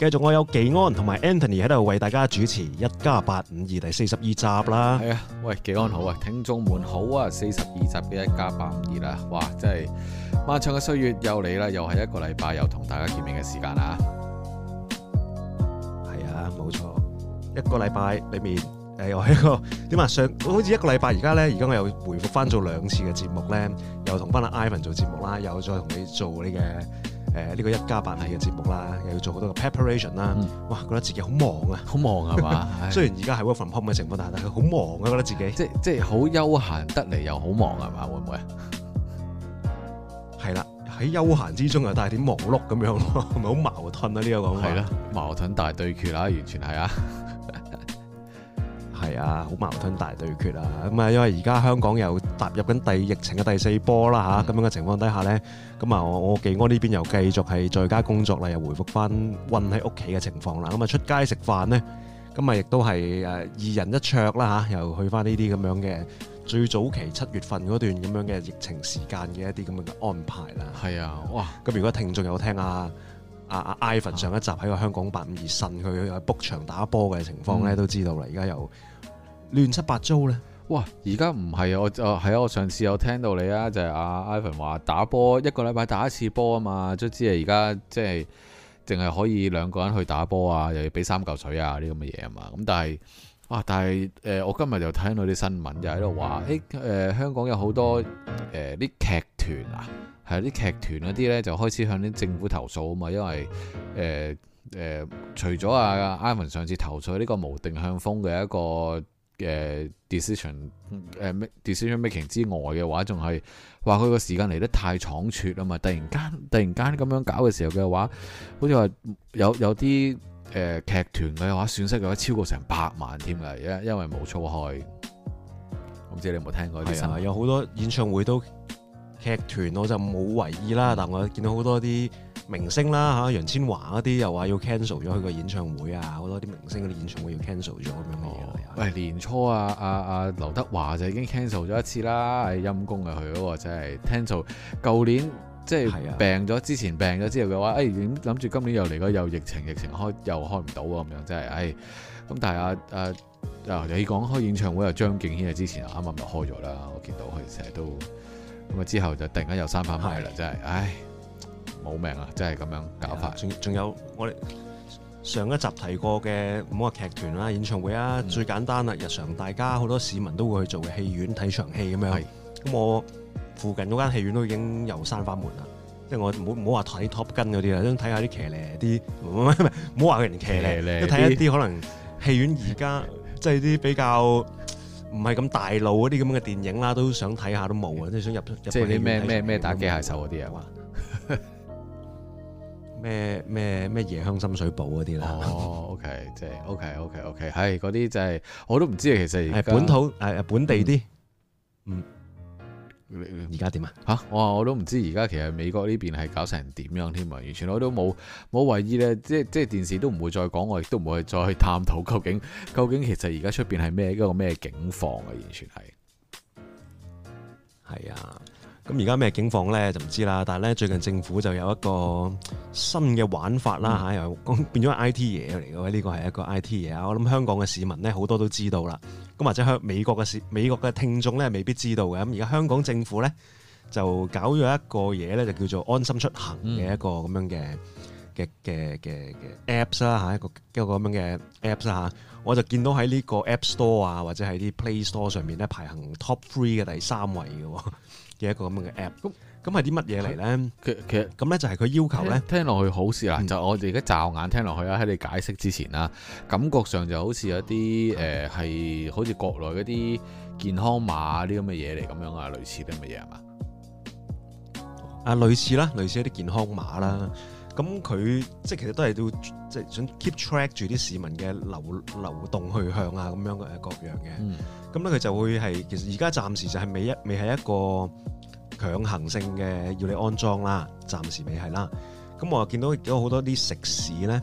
繼續我有紀安同埋 Anthony 喺度為大家主持一加八五二第四十二集啦。係啊，喂，紀安好啊，聽眾們好啊，四十二集嘅一加八五二啦，哇，真係漫長嘅歲月又嚟啦，又係一個禮拜又同大家見面嘅時間啊。係啊，冇錯，一個禮拜裏面誒、哎，我喺個點啊，上好似一個禮拜而家咧，而家我又回復翻做兩次嘅節目咧，又同翻阿 Ivan 做節目啦，又再同你做呢嘅。誒、呃、呢、這個一家852嘅節目啦，又要做好多個 preparation 啦，嗯、哇覺得自己好忙啊，好忙係嘛？雖然而家係 work from home 嘅情況，但係佢好忙啊，覺得自己即即係好休閒得嚟，又好忙係嘛？會唔會？係啦，喺休閒之中啊，又帶點忙碌咁樣咯，係咪好矛盾啊、這個？呢個講話係矛盾大對決啦、啊，完全係啊！係啊，好矛盾大對決啊！咁啊，因為而家香港又踏入緊第疫情嘅第四波啦嚇，咁、嗯、樣嘅情況底下呢，咁啊，我我技安呢邊又繼續係在家工作啦，又回復翻韞喺屋企嘅情況啦。咁啊，出街食飯呢，咁啊，亦都係誒二人一桌啦嚇，又去翻呢啲咁樣嘅最早期七月份嗰段咁樣嘅疫情時間嘅一啲咁樣嘅安排啦。係啊，哇！咁如果聽眾有聽啊，阿、啊、阿 Ivan 上一集喺個香講八五二信佢喺 book 場打波嘅情況呢、嗯，都知道啦。而家又～亂七八糟呢？哇，而家唔係我啊，係啊！我上次有聽到你啊，就係、是、阿 Evan 話打波一個禮拜打一次波啊嘛，總之係而家即係淨係可以兩個人去打波啊，又要俾三嚿水啊啲咁嘅嘢啊嘛。咁但係哇，但係誒、呃，我今日就聽到啲新聞，就喺度話誒誒，香港有好多誒啲、呃、劇團啊，係啲劇團嗰啲呢，就開始向啲政府投訴啊嘛，因為誒誒、呃呃，除咗阿 Evan 上次投訴呢、這個無定向風嘅一個。誒、uh, decision 誒、uh, decision making 之外嘅話，仲係話佢個時間嚟得太倉促啊嘛！突然間突然間咁樣搞嘅時候嘅話，好似話有有啲誒、uh, 劇團嘅話損失嘅話超過成百萬添啊！因因為冇租開，我唔知你有冇聽過啲係其實有好多演唱會都劇團，我就冇為意啦、嗯。但我見到好多啲。明星啦嚇，楊千嬅嗰啲又話要 cancel 咗佢個演唱會啊！好、嗯、多啲明星嗰啲演唱會要 cancel 咗咁、哦、樣嘅嘢。誒年初啊啊啊，劉德華就已經 cancel 咗一次啦、哎！陰公、即係即係、啊，佢嗰個真係 cancel。舊年即係病咗之前病咗之後嘅話，誒諗住今年又嚟嗰又疫情，疫情開又開唔到、哎、啊！咁樣真係，唉。咁但係啊啊啊，你講開演唱會啊，張敬軒啊之前啱啱就開咗啦，我見到佢成日都咁啊，之後就突然間又三把埋啦，啊、真係，唉、哎、～冇命啊！真係咁樣搞法。仲仲有我哋上一集提過嘅，唔好話劇團啦、演唱會啦、啊嗯，最簡單啦、啊，日常大家好多市民都會去做嘅戲院睇場戲咁樣。咁我附近嗰間戲院都已經又閂翻門啦。即係我唔好唔好話睇 Top 跟嗰啲啦，想睇下啲騎呢啲，唔好話人騎呢，一睇一啲可能戲院而家即係啲比較唔係咁大路嗰啲咁嘅電影啦，都想睇下都冇啊，即係想入出。啲咩咩咩打機械手嗰啲啊？咩咩咩夜香深水埗嗰啲啦？哦 ，OK，即係 OK，OK，OK，係嗰啲就係、是、我都唔知其實本土本地啲嗯而家點啊吓，我我都唔知而家其實美國呢邊係搞成點樣添啊，完全我都冇冇為意咧，即係即係電視都唔會再講，我亦都唔會再去探討究竟究竟其實而家出邊係咩一個咩境況啊，完全係係啊。咁而家咩境況咧就唔知啦，但係咧最近政府就有一個新嘅玩法啦嚇、嗯，又講變咗 I T 嘢嚟嘅，呢個係一個 I T 嘢啊！我諗香港嘅市民咧好多都知道啦，咁或者香美國嘅市美國嘅聽眾咧未必知道嘅。咁而家香港政府咧就搞咗一個嘢咧，就叫做安心出行嘅一個咁樣嘅嘅嘅嘅嘅 Apps 啦嚇，一個一個咁樣嘅 Apps 嚇，我就見到喺呢個 App Store 啊或者喺啲 Play Store 上面咧排行 Top Three 嘅第三位嘅喎。嘅一個咁嘅 app，咁咁係啲乜嘢嚟咧？其實其實咁咧就係佢要求咧，聽落去好似啦、嗯，就我哋而家驟眼聽落去啊，喺你解釋之前啦，感覺上就好似有一啲誒係好似國內嗰啲健康碼啲咁嘅嘢嚟咁樣啊，類似啲咁嘅嘢係嘛？啊，類似啦，類似一啲健康碼啦。咁佢即係其實都係要即係想 keep track 住啲市民嘅流流動去向啊，咁樣嘅各樣嘅。咁咧佢就會係其實而家暫時就係未一未係一個強行性嘅要你安裝啦，暫時未係啦。咁我又見到有好多啲食肆咧，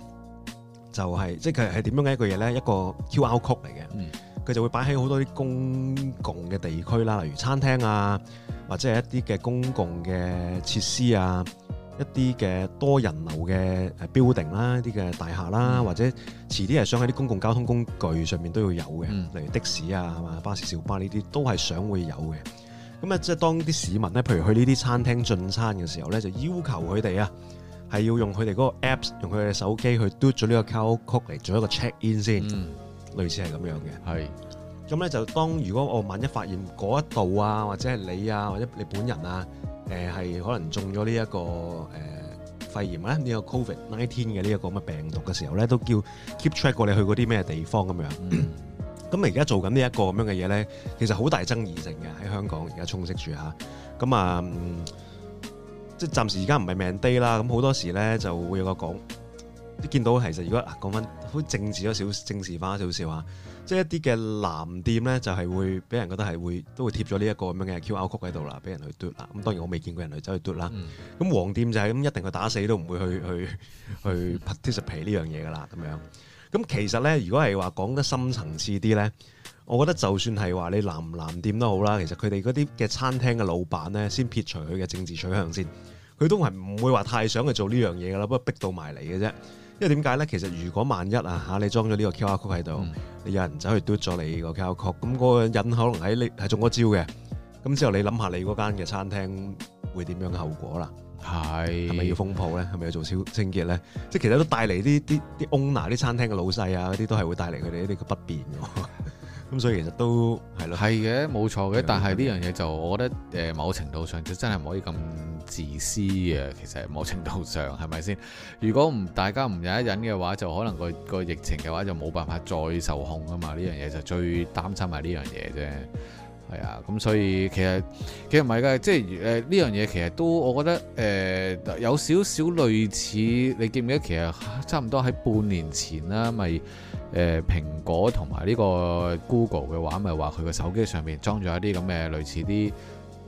就係、是、即係佢係點樣嘅一個嘢咧，一個 QR code 嚟嘅。佢、嗯、就會擺喺好多啲公共嘅地區啦，例如餐廳啊，或者係一啲嘅公共嘅設施啊。一啲嘅多人流嘅誒 building 啦，一啲嘅大廈啦，或者遲啲係想喺啲公共交通工具上面都要有嘅，例如的士啊，係嘛巴士、小巴呢啲都係想會有嘅。咁啊，即係當啲市民咧，譬如去呢啲餐廳進餐嘅時候咧，就要求佢哋啊係要用佢哋嗰個 Apps，用佢哋嘅手機去 do 咗呢個 code 嚟做一個 check in 先，類似係咁樣嘅。係。咁咧就當如果我萬一發現嗰一度啊，或者係你啊，或者你本人啊。誒、呃、係可能中咗呢一個誒、呃、肺炎咧，呢、呢個 Covid Nineteen 嘅呢一個乜病毒嘅時候咧，都叫 keep track 過你去嗰啲咩地方咁樣。咁而家做緊呢一個咁樣嘅嘢咧，其實好大爭議性嘅，喺香港而家充斥住嚇。咁啊、嗯，即係暫時而家唔係命低啦。咁好多時咧就會有個講，啲見到其實如果嗱、啊、講翻好政治咗少，政治化少少啊。」即係一啲嘅藍店咧，就係、是、會俾人覺得係會都會貼咗呢一個咁樣嘅 Q R code 喺度啦，俾人去嘟啦。咁當然我未見過人去走去嘟啦。咁、嗯、黃店就係、是、咁，一定佢打死都唔會去、嗯、去去 participate 呢樣嘢噶啦。咁樣咁其實咧，如果係話講得深層次啲咧，我覺得就算係話你藍唔藍店都好啦，其實佢哋嗰啲嘅餐廳嘅老闆咧，先撇除佢嘅政治取向先，佢都係唔會話太想去做呢樣嘢噶啦，不過逼到埋嚟嘅啫。因為點解咧？其實如果萬一啊吓，你裝咗呢個 QR code 喺度，嗯、你有人走去嘟咗你個 QR code，咁嗰個人可能喺你係中咗招嘅。咁之後你諗下你嗰間嘅餐廳會點樣嘅後果啦。係係咪要封鋪咧？係咪要做消清潔咧？即係其實都帶嚟，啲啲啲 owner 啲餐廳嘅老細啊嗰啲，都係會帶嚟佢哋一啲嘅不便嘅。咁所以其實都係咯。係嘅，冇錯嘅。但係呢樣嘢就我覺得，誒，某程度上就真係唔可以咁。自私嘅，其實某程度上係咪先？如果唔大家唔忍一忍嘅話，就可能個個疫情嘅話就冇辦法再受控啊嘛！呢樣嘢就最擔心係呢樣嘢啫。係啊，咁所以其實其實唔係㗎，即係呢樣嘢其實都我覺得誒、呃、有少少類似。你記唔記得其實差唔多喺半年前啦，咪誒蘋果同埋呢個 Google 嘅話，咪話佢個手機上面裝咗一啲咁嘅類似啲。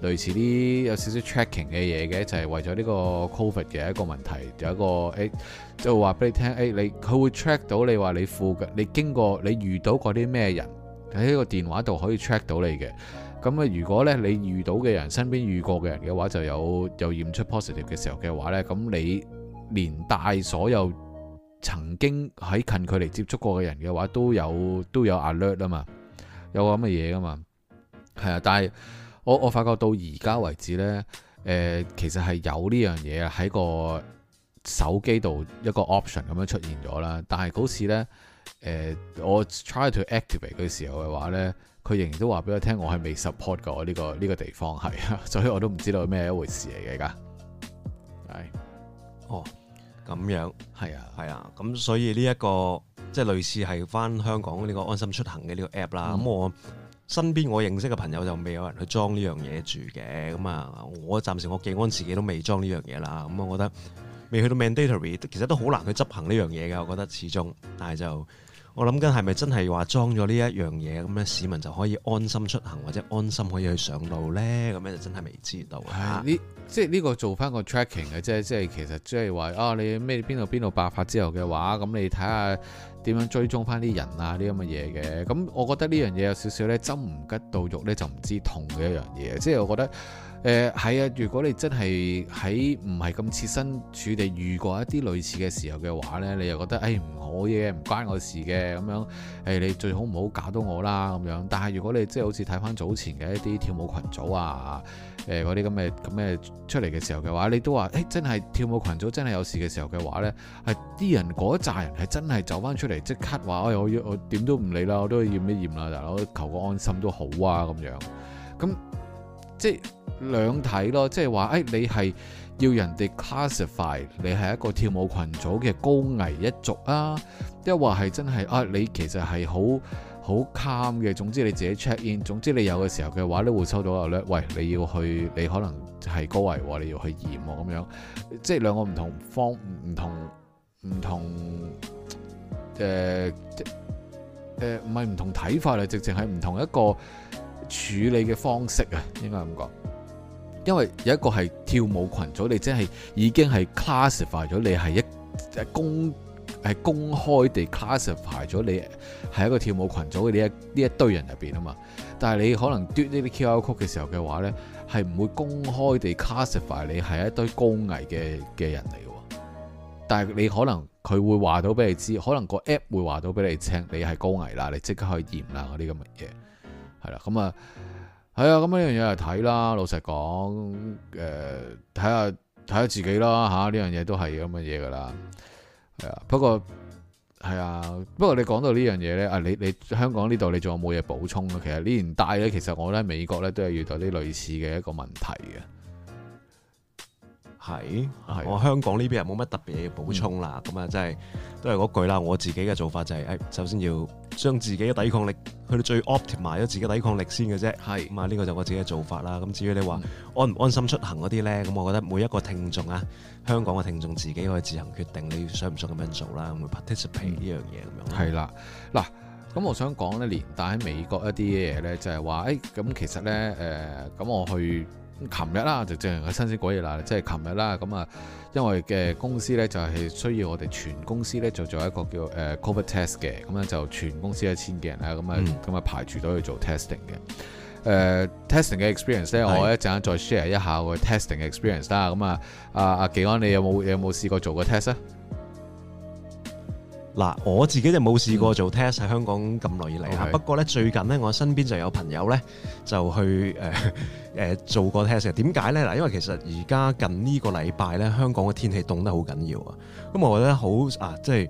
類似啲有少少 tracking 嘅嘢嘅，就係、是、為咗呢個 COVID 嘅一個問題，有一個誒、欸，就話俾你聽，誒、欸、你佢會 track 到你話你附近，你經過你遇到嗰啲咩人喺呢個電話度可以 track 到你嘅。咁啊，如果咧你遇到嘅人身邊遇過嘅人嘅話，就有有驗出 positive 嘅時候嘅話咧，咁你連帶所有曾經喺近距離接觸過嘅人嘅話都有都有 alert 啊嘛，有咁嘅嘢噶嘛，係啊，但係。我我發覺到而家為止呢，誒、呃，其實係有呢樣嘢喺個手機度一個 option 咁樣出現咗啦。但係嗰次呢，誒、呃，我 try to activate 嘅時候嘅話呢，佢仍然都話俾我聽、這個，我係未 support 過呢個呢個地方係啊，所以我都唔知道咩一回事嚟嘅而家。係、right.，哦，咁樣，係啊，係啊，咁所以呢、這、一個即係類似係返香港呢個安心出行嘅呢個 app 啦、嗯，咁我。身邊我認識嘅朋友就未有人去裝呢樣嘢住嘅，咁啊，我暫時我記安自己都未裝呢樣嘢啦。咁我覺得未去到 mandatory，其實都好難去執行呢樣嘢嘅。我覺得始終，但係就我諗緊係咪真係話裝咗呢一樣嘢，咁咧市民就可以安心出行或者安心可以去上路咧？咁咧就真係未知到啊。呢即係呢個做翻個 tracking 嘅啫，即係其實即係話啊，你咩邊度邊度爆發之後嘅話，咁你睇下。點樣追蹤翻啲人啊？呢啲咁嘅嘢嘅，咁我覺得呢樣嘢有少少呢，針唔吉到肉呢，就唔知痛嘅一樣嘢，即係我覺得。誒、呃、係啊！如果你真係喺唔係咁切身處地遇過一啲類似嘅時候嘅話呢，你又覺得誒唔、哎、好嘢，唔關我事嘅咁樣。誒、哎、你最好唔好搞到我啦咁樣。但係如果你真係好似睇翻早前嘅一啲跳舞群組啊，誒嗰啲咁嘅咁嘅出嚟嘅時候嘅話，你都話誒、欸、真係跳舞群組真係有事嘅時候嘅話呢。真的係啲人嗰扎人係真係走翻出嚟即刻話，哎我我點都唔理啦，我都驗一驗啦，大佬求個安心都好啊咁樣。咁即兩睇咯，即係話，誒、哎、你係要人哋 classify 你係一個跳舞群組嘅高危一族啊，抑或係真係啊，你其實係好好 calm 嘅。總之你自己 check in，總之你有嘅時候嘅話，你會收到啊咧。喂，你要去，你可能係高危喎，你要去驗喎，咁樣即係兩個唔同方唔同唔同誒誒，唔係唔同睇法嚟，直情係唔同一個處理嘅方式啊，應該咁講。因為有一個係跳舞群組，你即係已經係 classify 咗你係一公係公開地 classify 咗你係一個跳舞群組嘅呢一呢一堆人入邊啊嘛。但係你可能篤呢啲 Q R 曲嘅時候嘅話咧，係唔會公開地 classify 你係一堆高危嘅嘅人嚟嘅。但係你可能佢會話到俾你知，可能個 app 會話到俾你知，你係高危啦，你即刻可以驗啦嗰啲咁嘅嘢係啦，咁啊。係啊，咁呢樣嘢，係睇啦，老實講，誒、呃，睇下睇下自己啦吓，呢、啊、樣嘢都係咁嘅嘢噶啦。係啊，不過係啊，不過你講到呢樣嘢咧，啊，你你香港這裡你有沒有呢度你仲有冇嘢補充啊？其實年呢年帶咧，其實我咧喺美國咧都係遇到啲類似嘅一個問題嘅。係、啊，我香港呢邊又冇乜特別嘢要補充啦，咁、嗯、啊真係都係嗰句啦。我自己嘅做法就係，誒，首先要將自己嘅抵抗力去到最 optimize 咗自己抵抗力先嘅啫。係，咁啊呢個就我自己嘅做法啦。咁至於你話安唔安心出行嗰啲咧，咁我覺得每一個聽眾啊，香港嘅聽眾自己可以自行決定你想唔想咁樣做啦。咁 participate 呢樣嘢咁樣。係啦、啊，嗱，咁我想講咧，連帶喺美國一啲嘢咧，就係話，誒、哎，咁其實咧，誒、呃，咁我去。琴日啦，就正係個新鮮鬼嘢啦，即係琴日啦。咁啊，因為嘅公司咧，就係需要我哋全公司咧就做一個叫誒 COVID test 嘅。咁樣就全公司一千幾人啦。咁、嗯、啊，咁啊排住隊去做 testing 嘅。誒、uh, testing 嘅 experience 咧，我一陣間再 share 一下我 testing 嘅 experience 啦。咁啊，阿阿幾安，你有冇有冇試過做個 test 啊？嗱，我自己就冇試過做 test 喺香港咁耐以嚟嚇，okay. 不過咧最近咧，我身邊就有朋友咧就去誒誒、呃、做過 test，點解咧？嗱，因為其實而家近呢個禮拜咧，香港嘅天氣凍得好緊要啊，咁我覺得好啊，即、就、係、是、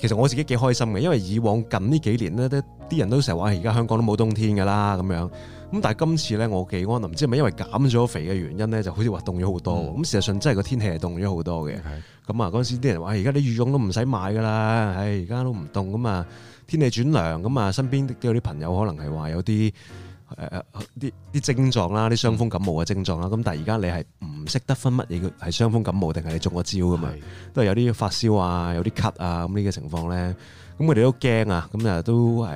其實我自己幾開心嘅，因為以往近呢幾年咧，啲人都成日話而家香港都冇冬天噶啦咁樣。咁但係今次咧，我幾安樂，唔知係咪因為減咗肥嘅原因咧，就好似話凍咗好多。咁、嗯、事實上真係個天氣係凍咗好多嘅。咁、okay. 啊，嗰陣時啲人話，而家啲羽絨都唔使買㗎啦。唉，而家都唔凍，咁啊，天氣轉涼，咁啊，身邊都有啲朋友可能係話有啲誒啲啲症狀啦，啲傷風感冒嘅症狀啦。咁但係而家你係唔識得分乜嘢叫係傷風感冒定係你中咗招㗎嘛？都係有啲發燒啊，有啲咳啊，咁呢個情況咧。咁佢哋都驚啊！咁啊都誒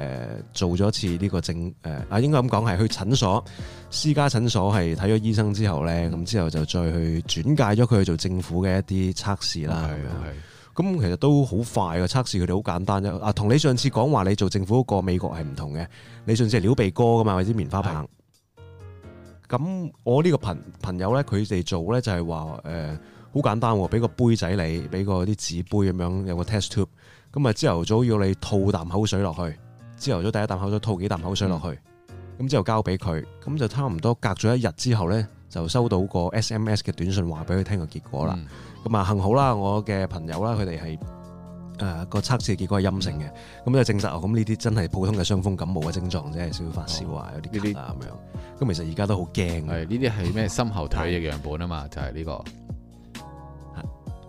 做咗次呢、這個政誒啊應該咁講係去診所私家診所係睇咗醫生之後咧，咁、嗯、之後就再去轉介咗佢去做政府嘅一啲測試啦。係係咁，其實都好快嘅測試，佢哋好簡單啫。啊，同你上次講話你做政府嗰個美國係唔同嘅，你上次撩鼻哥噶嘛，或者棉花棒。咁、嗯、我呢個朋朋友咧，佢哋做咧就係話誒好簡單，俾個杯仔你，俾個啲紙杯咁樣，有個 test tube。咁啊，朝頭早要你吐啖口水落去，朝頭早第一啖口水吐幾啖口水落去，咁、嗯、之後交俾佢，咁就差唔多隔咗一日之後咧，就收到個 S M S 嘅短信，話俾佢聽個結果啦。咁啊，幸好啦，我嘅朋友啦，佢哋係誒個測試結果係陰性嘅。咁、嗯、就證實咁呢啲真係普通嘅傷風感冒嘅症狀啫，少、嗯、少發燒啊，哦、有啲咳啊咁樣。咁其實而家都好驚。呢啲係咩深喉體液嘅樣本啊嘛，嗯、就係呢、這個。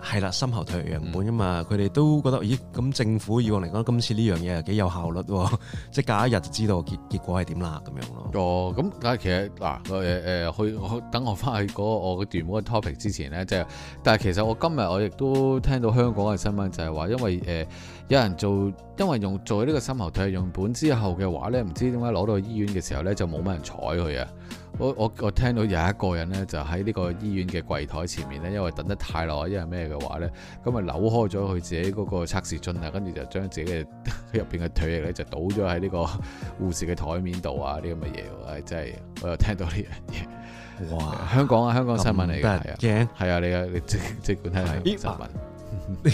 係啦，深喉唾液樣本啊嘛，佢、嗯、哋都覺得，咦？咁政府以往嚟講，今次呢樣嘢係幾有效率喎，即係隔一日就知道結結果係點啦，咁樣咯。哦，咁但係其實嗱，誒誒、呃呃呃，去等我翻去嗰、那個我嘅段嗰個 topic 之前咧，即、就、係、是，但係其實我今日我亦都聽到香港嘅新聞，就係話，因為誒、呃、有人做，因為用做呢個深喉唾液樣本之後嘅話咧，唔知點解攞到醫院嘅時候咧就冇乜人睬佢啊。我我我聽到有一個人咧，就喺呢個醫院嘅櫃台前面咧，因為等得太耐，因為咩嘅話咧，咁咪扭開咗佢自己嗰個測試樽啊，跟住就將自己嘅入邊嘅唾液咧就倒咗喺呢個護士嘅台面度啊，啲咁嘅嘢，真係我又聽到呢樣嘢，哇香！香港啊，香港新聞嚟嘅，係啊，係啊，你嘅、啊、你即即管睇新聞，欸、你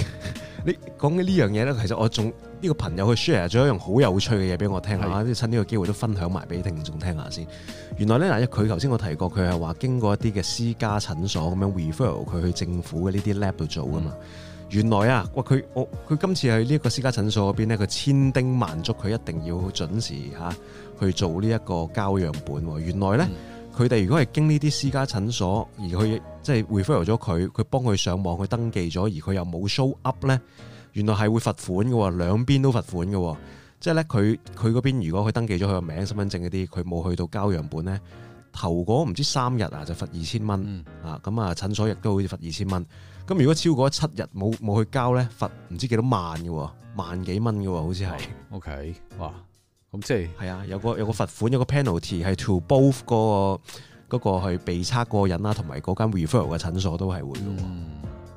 你講嘅呢樣嘢咧，其實我仲。呢、這個朋友佢 share 咗一樣好有趣嘅嘢俾我聽下，趁呢個機會都分享埋俾聽眾聽下先。原來咧，嗱，佢頭先我提過，佢係話經過一啲嘅私家診所咁樣 refer 佢去政府嘅呢啲 lab 度做噶嘛、嗯。原來啊，喂，佢我佢今次喺呢一個私家診所嗰邊咧，佢千叮萬囑佢一定要準時嚇、啊、去做呢一個交樣本。原來咧，佢、嗯、哋如果係經呢啲私家診所而佢即係 refer 咗佢，佢幫佢上網去登記咗，而佢又冇 show up 咧。原來係會罰款嘅喎，兩邊都罰款嘅喎。即係咧，佢佢嗰邊如果佢登記咗佢個名字、 身份證嗰啲，佢冇去到交樣本咧，頭嗰唔知三日啊就罰二千蚊啊。咁啊，診所亦都好似罰二千蚊。咁如果超過七日冇冇去交咧，罰唔知幾多萬嘅喎，萬幾蚊嘅喎，好似係。Oh, OK，哇！咁即係係啊，有個有個罰款，有個 penalty 係 to both 嗰、那個嗰、那個去被測嗰個人啦，同埋嗰間 referral 嘅診所都係會嘅喎，係、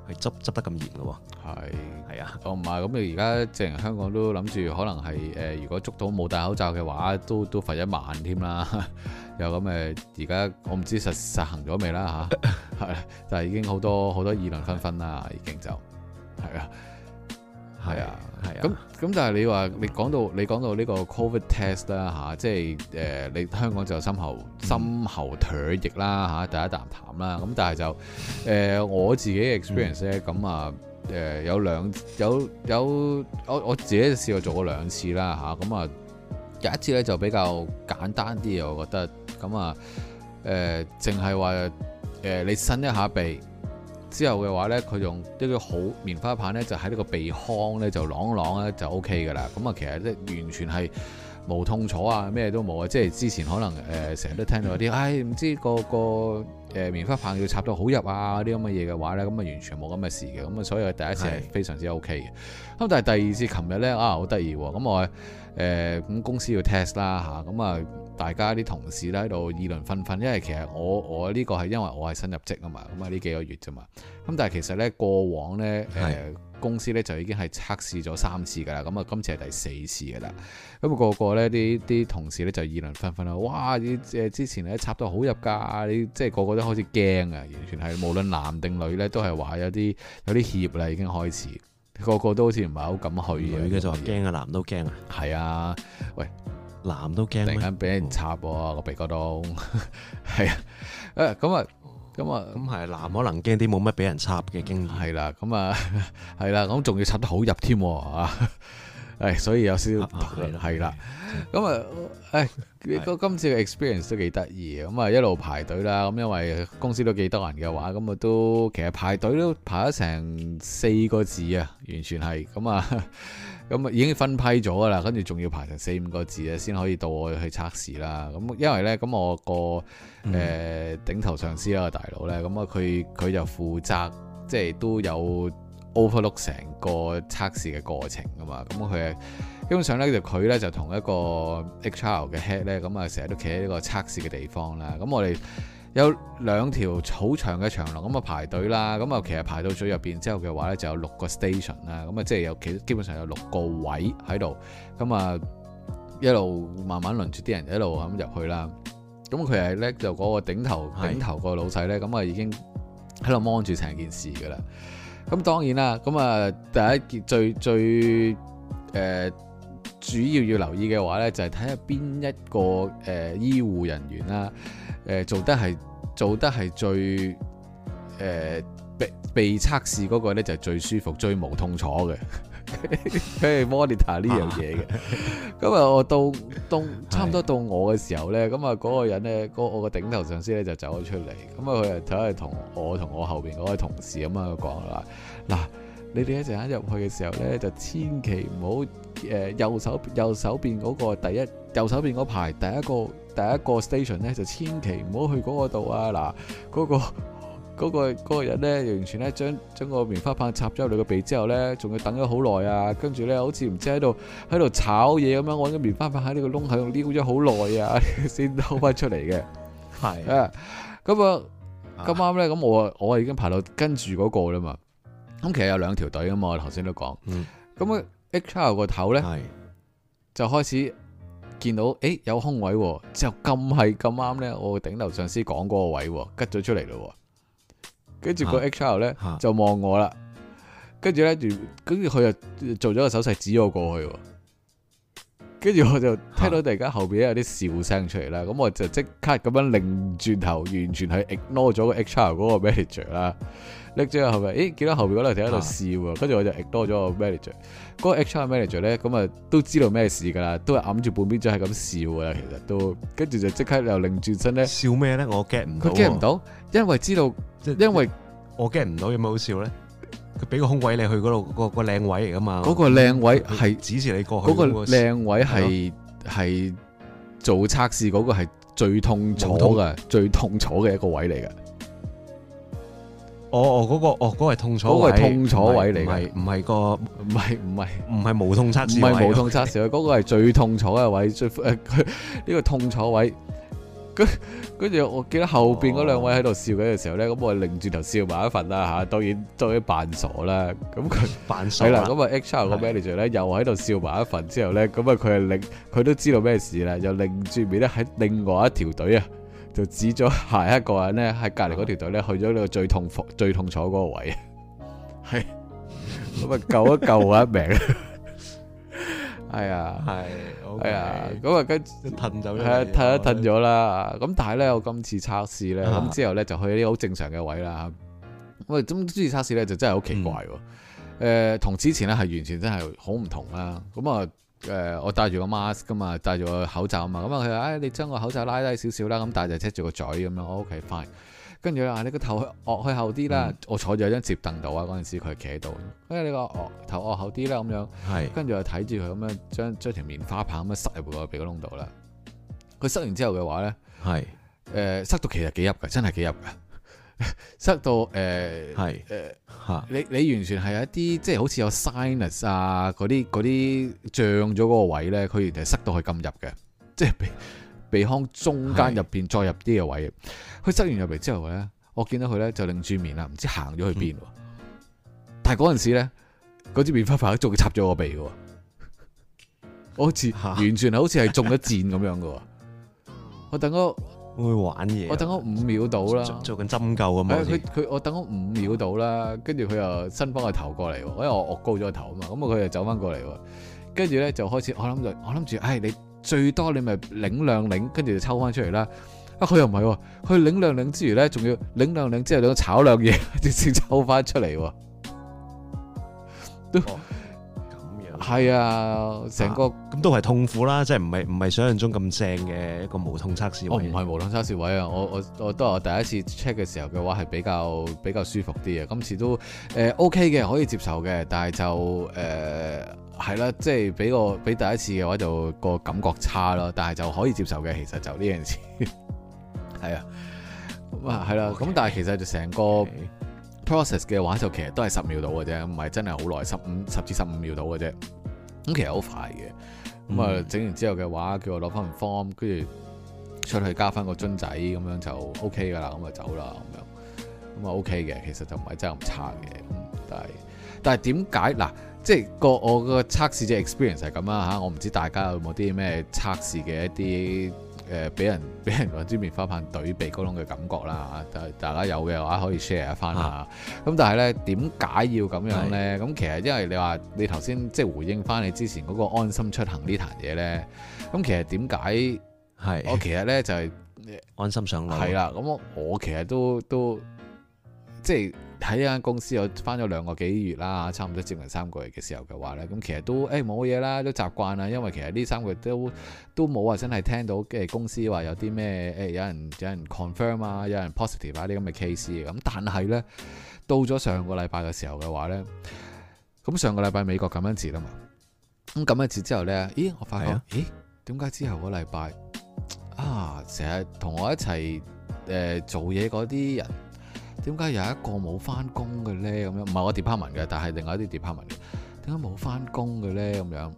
嗯、執執得咁嚴嘅喎。係。係啊，我唔係，咁你而家成香港都諗住可能係誒、呃，如果捉到冇戴口罩嘅話，都都罰一萬添啦。又咁誒，而家我唔知實實行咗未啦吓，係、啊 啊，但係已經好多好多議論紛紛啦，已經就係啊，係啊，係啊。咁咁、啊，是啊、但係你話、啊、你講到你講到呢個 COVID test 啦、啊、吓，即係誒，你香港就深喉、深、嗯、喉、唾液啦吓，第一啖痰啦。咁、啊、但係就誒、呃，我自己 experience 咧、嗯、咁啊。誒、呃，有兩有有我我自己試過做過兩次啦吓，咁啊、嗯、有一次咧就比較簡單啲我覺得，咁啊誒，淨係話誒你伸一下鼻之後嘅話咧，佢用呢個好棉花棒咧就喺呢個鼻腔咧就朗朗咧就 OK 噶啦，咁、嗯、啊其實完全係無痛楚啊，咩都冇啊，即係之前可能誒成日都聽到啲，唉、哎、唔知個個。個誒、呃、棉花棒要插到好入啊啲咁嘅嘢嘅話咧，咁啊完全冇咁嘅事嘅，咁啊所以第一次係非常之 OK 嘅。咁但係第二次琴日咧啊好得意喎，咁我誒咁、呃、公司要 test 啦吓，咁啊。啊大家啲同事咧喺度議論紛紛，因為其實我我呢個係因為我係新入職啊嘛，咁啊呢幾個月咋嘛。咁但係其實呢，過往呢誒公司呢就已經係測試咗三次㗎啦。咁啊今次係第四次㗎啦。咁、那個個呢啲啲同事呢就議論紛紛啦。哇！啲誒之前呢插到好入㗎，啲即係個個都開始驚啊，完全係無論男定女呢都係話有啲有啲怯啦，已經開始。個個都好似唔係好敢去嘅，女嘅就話驚啊，男都驚啊。係啊，喂。男都驚突然間俾人插個鼻哥窿，係啊！誒咁、 哦嗯、啊，咁、嗯、啊，咁係男可能驚啲冇乜俾人插嘅經驗，係啦。咁啊，係、嗯、啦、嗯，咁仲要插得好入添啊！誒，所以有少少係啦。咁啊，誒，呢個今次嘅 experience 都幾得意啊！咁啊，一路排隊啦，咁因為公司都幾多人嘅話，咁啊都其實排隊都排咗成四個字啊，完全係咁啊。咁啊已經分批咗噶啦，跟住仲要排成四五個字先可以到我去測試啦。咁因為呢，咁我個誒頂頭上司啊、嗯、大佬呢，咁啊佢佢就負責即係、就是、都有 overlook 成個測試嘅過程噶嘛。咁佢基本上呢，就佢呢就同一個 HR 嘅 head 呢，咁啊成日都企喺呢個測試嘅地方啦。咁我哋。有兩條好長嘅長廊咁啊排隊啦，咁啊其實排到咗入邊之後嘅話咧，就有六個 station 啦，咁啊即係有其基本上有六個位喺度，咁啊一路慢慢輪住啲人一路咁入去啦，咁佢係叻就嗰個頂頭頂頭個老細咧，咁啊已經喺度望住成件事噶啦，咁當然啦，咁啊第一最最誒。呃主要要留意嘅話咧，就係睇下邊一個誒、呃、醫護人員啦，誒、呃、做得係做得係最誒、呃、被被測試嗰個咧，就係、是、最舒服最無痛楚嘅佢係 monitor 呢樣嘢嘅。咁啊，我到到，到差唔多到我嘅時候咧，咁啊嗰個人咧，我嘅頂頭上司咧就走咗出嚟，咁啊佢係睇下同我同我後邊嗰位同事咁啊講啦，嗱。你哋一陣間入去嘅時候咧，就千祈唔好誒右手右手邊嗰個第一右手邊嗰排第一個第一個 station 咧，就千祈唔好去嗰度啊！嗱、啊，嗰、嗰個嗰、嗰個嗰個人咧，完全咧將將個棉花棒插咗入你個鼻之後咧，仲要等咗好耐啊！跟住咧，好似唔知喺度喺度炒嘢咁樣，按個棉花棒喺呢個窿口度撩咗好耐啊，先偷翻出嚟嘅。係 啊，咁啊，咁啱咧，咁我我已經排到跟住嗰個啦嘛。咁其實有兩條隊啊嘛，我嗯、頭先都講。咁啊，HR 個頭咧就開始見到，誒、欸、有空位喎、啊，之後咁係咁啱咧，我頂頭上司講嗰個位喎，吉咗出嚟咯喎，跟住個 HR 咧就望我啦，跟住咧，跟住佢又做咗個手勢指我過去喎、啊。跟住我就聽到突然間後邊有啲笑聲出嚟啦，咁、啊、我就即刻咁樣擰轉頭，完全係 ignore 咗個 HR 嗰個 manager 啦，拎咗個後邊，咦見到後邊嗰兩條喺度笑，跟、啊、住我就 ignore 咗個 manager，嗰、那個 HR manager 咧，咁啊都知道咩事噶啦，都係揞住半邊嘴係咁笑啊，其實都跟住就即刻又擰轉身咧，笑咩咧？我 get 唔到，佢 get 唔到，因為知道，因為我 get 唔到，有冇好笑咧？俾個空位你去嗰度，那個個靚位嚟噶嘛？嗰、那個靚位係指示你過去、那個，嗰、那個靚位係係做測試嗰個係最痛楚嘅，最痛楚嘅一個位嚟嘅。哦哦，嗰、那個哦嗰、那個係痛楚，嗰、那個係痛楚位嚟嘅，唔係、那個，唔係唔係唔係無痛測試，唔係無痛測試，嗰 個係最痛楚嘅位，最誒，呢、呃這個痛楚位。跟跟住我記得後邊嗰兩位喺度笑嘅時候咧，咁、哦、我擰轉頭笑埋一份啦嚇，當然都喺扮傻啦。咁佢，扮傻係啦，咁啊 HR 個 manager 咧又喺度笑埋一份之後咧，咁啊佢係擰，佢都知道咩事啦，又擰轉面咧喺另外一條隊啊，就指咗下一個人咧喺隔離嗰條隊咧去咗呢個最痛楚最痛楚嗰個位，係，咁啊，救一救我一命。 係啊，係，係、okay, 啊，咁啊跟住褪走，走，係啊，褪一褪咗啦。咁、嗯、但係咧，我今次測試咧，咁之後咧就去呢啲好正常嘅位啦。喂，咁今次測試咧就真係好奇怪喎。同、嗯呃、之前咧係完全真係好唔同啦。咁啊，誒、呃，我戴住個 mask 㗎嘛，戴住個口罩啊嘛。咁啊，佢話：誒，你將個口罩拉低少少啦，咁但係就遮住個嘴咁樣。我 OK fine。跟住話你個頭落去，哦、去後啲啦，嗯，我坐住張折凳度啊，嗰陣時佢企喺度，跟住你個頭落後啲啦咁樣，跟住就睇住佢咁樣將將條棉花棒咁樣塞入個鼻窿度啦。佢塞完之後嘅話咧，係誒、呃、塞到其實幾入嘅，真係幾入嘅，塞到誒係誒嚇。你你完全係一啲即係好似有 sinus 啊嗰啲嗰啲脹咗嗰個位咧，佢原來塞到去咁入嘅，即係鼻腔中間入邊再入啲嘅位，佢塞完入嚟之後咧，我見到佢咧就擰住面啦，唔知行咗去邊。但係嗰陣時咧，嗰支棉花棒仲插咗我鼻嘅，好似完全係好似係中咗箭咁樣嘅。我等咗，會玩嘢。我等咗五秒到啦，做緊針灸咁樣。佢佢，我等咗五秒到啦，跟住佢又伸翻個頭過嚟，因為我我高咗個頭啊嘛，咁我佢又走翻過嚟，跟住咧就開始我諗住，我諗住，唉，你。最多你咪領兩領，跟住就抽翻出嚟啦。啊，佢又唔係喎，佢領兩領之餘咧，仲要領兩領之後兩個炒兩嘢，先抽翻出嚟喎。哦 係啊，成個咁、啊、都係痛苦啦，即係唔係唔係想像中咁正嘅一個無痛測試位。我唔係無痛測試位啊，我我我都係我第一次 check 嘅時候嘅話，係比較比較舒服啲啊。今次都誒、呃、OK 嘅，可以接受嘅，但係就誒係啦，即係比個比第一次嘅話就個感覺差咯。但係就可以接受嘅，其實就呢樣事係啊。咁啊係啦，咁、啊 okay. 但係其實就成個。Okay. Process 嘅話就其實都係十秒到嘅啫，唔係真係好耐，十五十至十五秒到嘅啫。咁其實好快嘅。咁啊整完之後嘅話，叫我攞翻份 form，跟住出去加翻個樽仔，咁樣就 OK 噶啦，咁就走啦咁樣。咁啊 OK 嘅，其實就唔係真係咁差嘅。但係但係點解嗱？即係個我個測試嘅 experience 係咁啊嚇！我唔知大家有冇啲咩測試嘅一啲。誒、呃、俾人俾人攞支棉花棒懟鼻哥窿嘅感覺啦，啊！大大家有嘅話可以 share 一翻啊。咁但係咧，點解要咁樣咧？咁其實因為你話你頭先即係回應翻你之前嗰個安心出行呢壇嘢咧。咁其實點解係？我其實咧就係安心上路係啦。咁我其實都都即係。喺一間公司我返咗兩個幾月啦，差唔多接近三個月嘅時候嘅話咧，咁其實都誒冇嘢啦，都習慣啦，因為其實呢三個月都都冇話真係聽到即係公司話有啲咩誒有人有人 confirm 啊，有人 positive 啊啲咁嘅 case 嘅，咁但係咧，到咗上個禮拜嘅時候嘅話咧，咁上個禮拜美國感恩節啦嘛，咁感恩節之後咧，咦我發覺咦點解之後個禮拜啊成日同我一齊誒、呃、做嘢嗰啲人？點解有一個冇翻工嘅咧？咁樣唔係我 department 嘅，但係另外一啲 department 嘅，點解冇翻工嘅咧？咁樣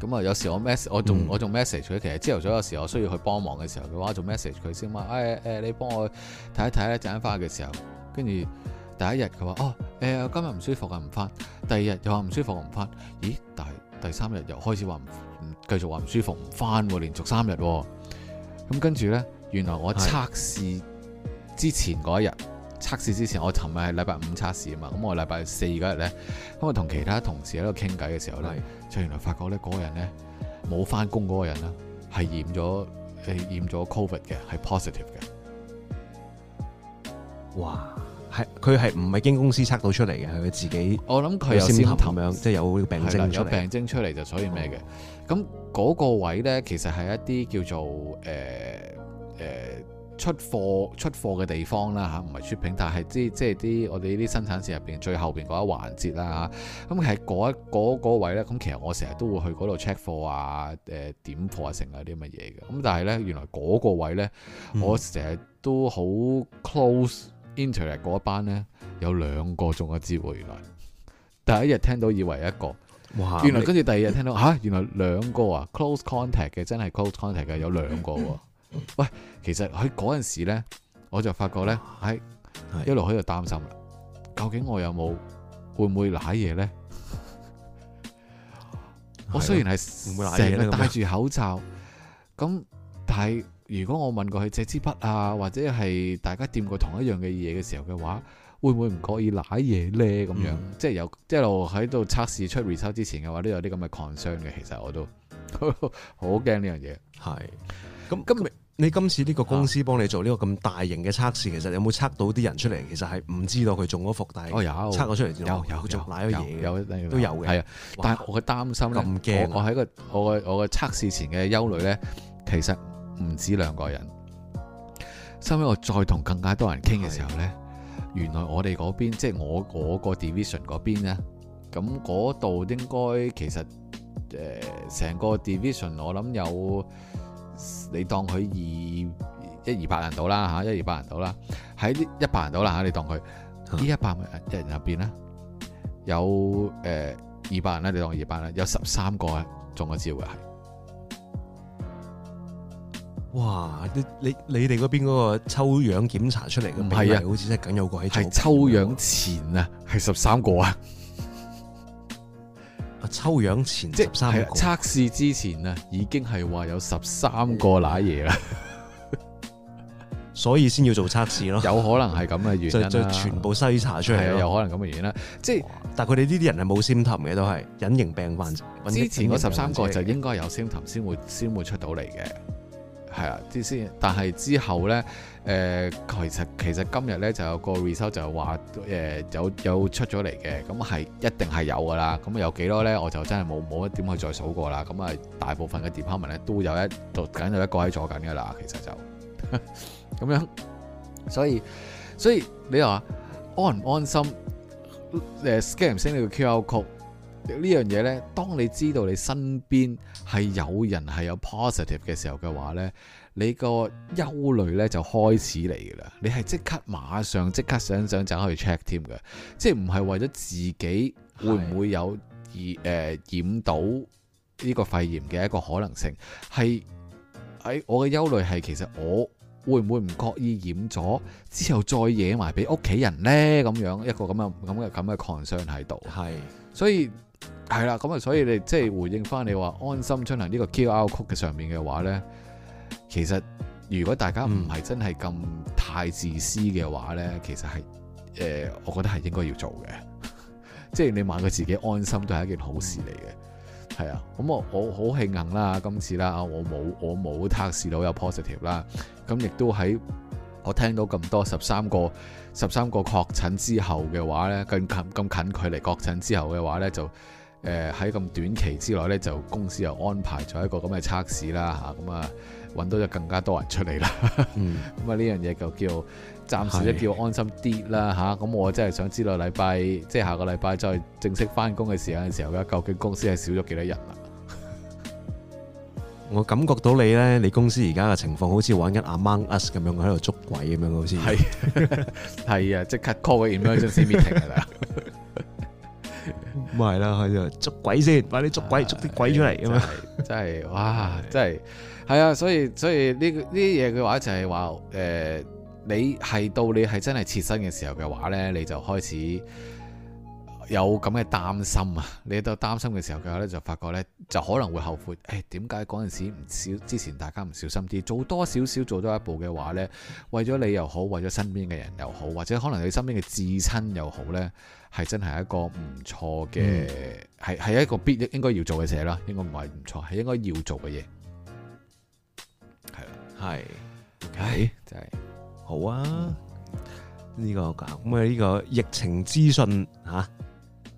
咁啊，有時我 message 我仲、嗯、我仲 message 佢，其實朝頭早有時我需要去幫忙嘅時候，佢話做 message 佢先嘛。誒、哎、誒、哎，你幫我睇一睇咧，陣間翻嘅時候。跟住第一日佢話哦，誒、哎，今日唔舒服啊，唔翻。第二日又話唔舒服、啊，唔翻。咦？但係第三日又開始話唔繼續話唔舒服，唔翻喎，連續三日、啊。咁跟住咧，原來我測試之前嗰一日。測試之前，我尋日係禮拜五測試啊嘛，咁我禮拜四嗰日咧，咁我同其他同事喺度傾偈嘅時候咧，就原來發覺咧，嗰個人咧冇返工嗰個人啦，係染咗係染咗 COVID 嘅，係 positive 嘅。哇！係佢係唔係經公司測到出嚟嘅？佢自己，我諗佢有先頭即係有病徵，有病徵出嚟就所以咩嘅？咁、哦、嗰個位咧，其實係一啲叫做誒誒。呃呃出貨出貨嘅地方啦嚇，唔、啊、係出品，但係啲即係啲我哋呢啲生產線入邊最後邊嗰一環節啦嚇。咁其嗰一嗰嗰位咧，咁其實我成日都會去嗰度 check 貨啊，誒、呃、點貨啊，成啊啲乜嘢嘅。咁但係咧，原來嗰個位咧、嗯，我成日都好 close interact 嗰一班咧，有兩個中嘅接喎。原來第一日聽到以為一個，哇原來跟住第二日聽到嚇、 啊，原來兩個啊 close contact 嘅，真係 close contact 嘅有兩個喎、啊。 喂，其實喺嗰陣時咧，我就發覺咧，喺、哎、一路喺度擔心啦。究竟我有冇會唔會舐嘢咧？我雖然係成日戴住口罩，咁但係如果我問過去借支筆啊，或者係大家掂過同一樣嘅嘢嘅時候嘅話，會唔會唔覺意舐嘢咧？咁樣、嗯、即係又即係一路喺度測試出 result 之前嘅話，都有啲咁嘅 concern 嘅。其實我都好驚呢樣嘢，係。 咁今日，你今次呢個公司幫你做呢個咁大型嘅測試，其實你有冇測到啲人出嚟？其實係唔知道佢中咗伏，但係測過出嚟有有中，有，有，有，做有，有，有都有嘅。係啊，但係我嘅擔心，我喺個我嘅我嘅測試前嘅憂慮咧，其實唔止兩個人。收尾我再同更加多人傾嘅時候咧，原來我哋嗰邊即係我我個 Division 嗰邊咧，咁嗰度應該其實誒成、呃、個 Division 我諗有。你當佢二一二百人到啦吓，一二百人到啦，喺一百人到啦吓，你當佢呢一百人入邊咧，有誒二百人咧，你當佢二百人咧，有十三個中個招嘅係，哇！你你你哋嗰邊嗰個抽樣檢查出嚟嘅嘛？係啊，好似真係僅有個喺抽樣前啊，係十三個啊。抽樣前十三個，即係測試之前啊，已經係話有十三個瀨嘢啦， 所以先要做測試咯。有可能係咁嘅原因啦。再全部篩查出嚟，有可能咁嘅原因啦。即係，但係佢哋呢啲人係冇 symptom 嘅，都係隱形病患。之前嗰十三個就應該有 symptom，先會先會出到嚟嘅。係啊，啲先，但係之後咧，誒其實其實今日咧就有個 result 就係話誒有有出咗嚟嘅，咁係一定係有噶啦，咁有幾多咧我就真係冇冇一點去再數過啦，咁啊大部分嘅 department 咧都有一度緊有一個喺坐緊噶啦，其實就咁樣，所以所以你話安唔安心 scan 唔 q 曲？呢樣嘢呢，當你知道你身邊係有人係有 positive 嘅時候嘅話呢，你個憂慮呢就開始嚟噶啦。你係即刻馬上即刻想想走去 check 添嘅，即係唔係為咗自己會唔會有二誒、呃、染到呢個肺炎嘅一個可能性？係喺、哎、我嘅憂慮係其實我會唔會唔覺意染咗之後再惹埋俾屋企人呢？咁樣一個咁啊咁嘅咁嘅 concern 喺度。係，所以。係啦，咁啊，所以你即係回應翻你話安心出行呢個 Q R 曲嘅上面嘅話咧，其實如果大家唔係真係咁太自私嘅話咧、嗯，其實係誒、呃，我覺得係應該要做嘅，即 係你買佢自己安心都係一件好事嚟嘅。係啊，咁我我好慶幸啦，今次啦，我冇我冇測試到有 positive 啦，咁亦都喺我聽到咁多十三個。十三個確診之後嘅話咧，咁近咁近距離確診之後嘅話咧，就誒喺咁短期之內咧，就公司又安排咗一個咁嘅測試啦嚇，咁啊揾到咗更加多人出嚟啦，咁啊呢樣嘢就叫暫時即叫安心啲啦嚇，咁我真係想知道禮拜即係下個禮拜再正式翻工嘅時間嘅時候咧，究竟公司係少咗幾多人啊？我感覺到你咧，你公司而家嘅情況好似玩緊 Among Us 咁樣，喺度捉鬼咁樣好似，係係啊，即刻 call 個 emergency meeting 噶 啦，唔係啦，喺度捉鬼先，快、啊、啲捉鬼，啊、捉啲鬼出嚟咁樣，真係哇，真係係啊，所以所以呢啲嘢嘅話就係話，誒、呃、你係到你係真係切身嘅時候嘅話咧，你就開始有咁嘅擔心啊！你喺度擔心嘅時候，佢呢就發覺呢，就可能會後悔。誒點解嗰陣時唔小？之前大家唔小心啲，做多少少，做多一步嘅話呢？為咗你又好，為咗身邊嘅人又好，或者可能你身邊嘅至親又好呢，係真係一個唔錯嘅，係、嗯、係一個必應該要做嘅嘢啦。應該唔係唔錯，係應該要做嘅嘢。係啦，係，OK 就係、係、好啊！呢、嗯呢個講咁啊，呢、呢個、呢個、疫情資訊嚇。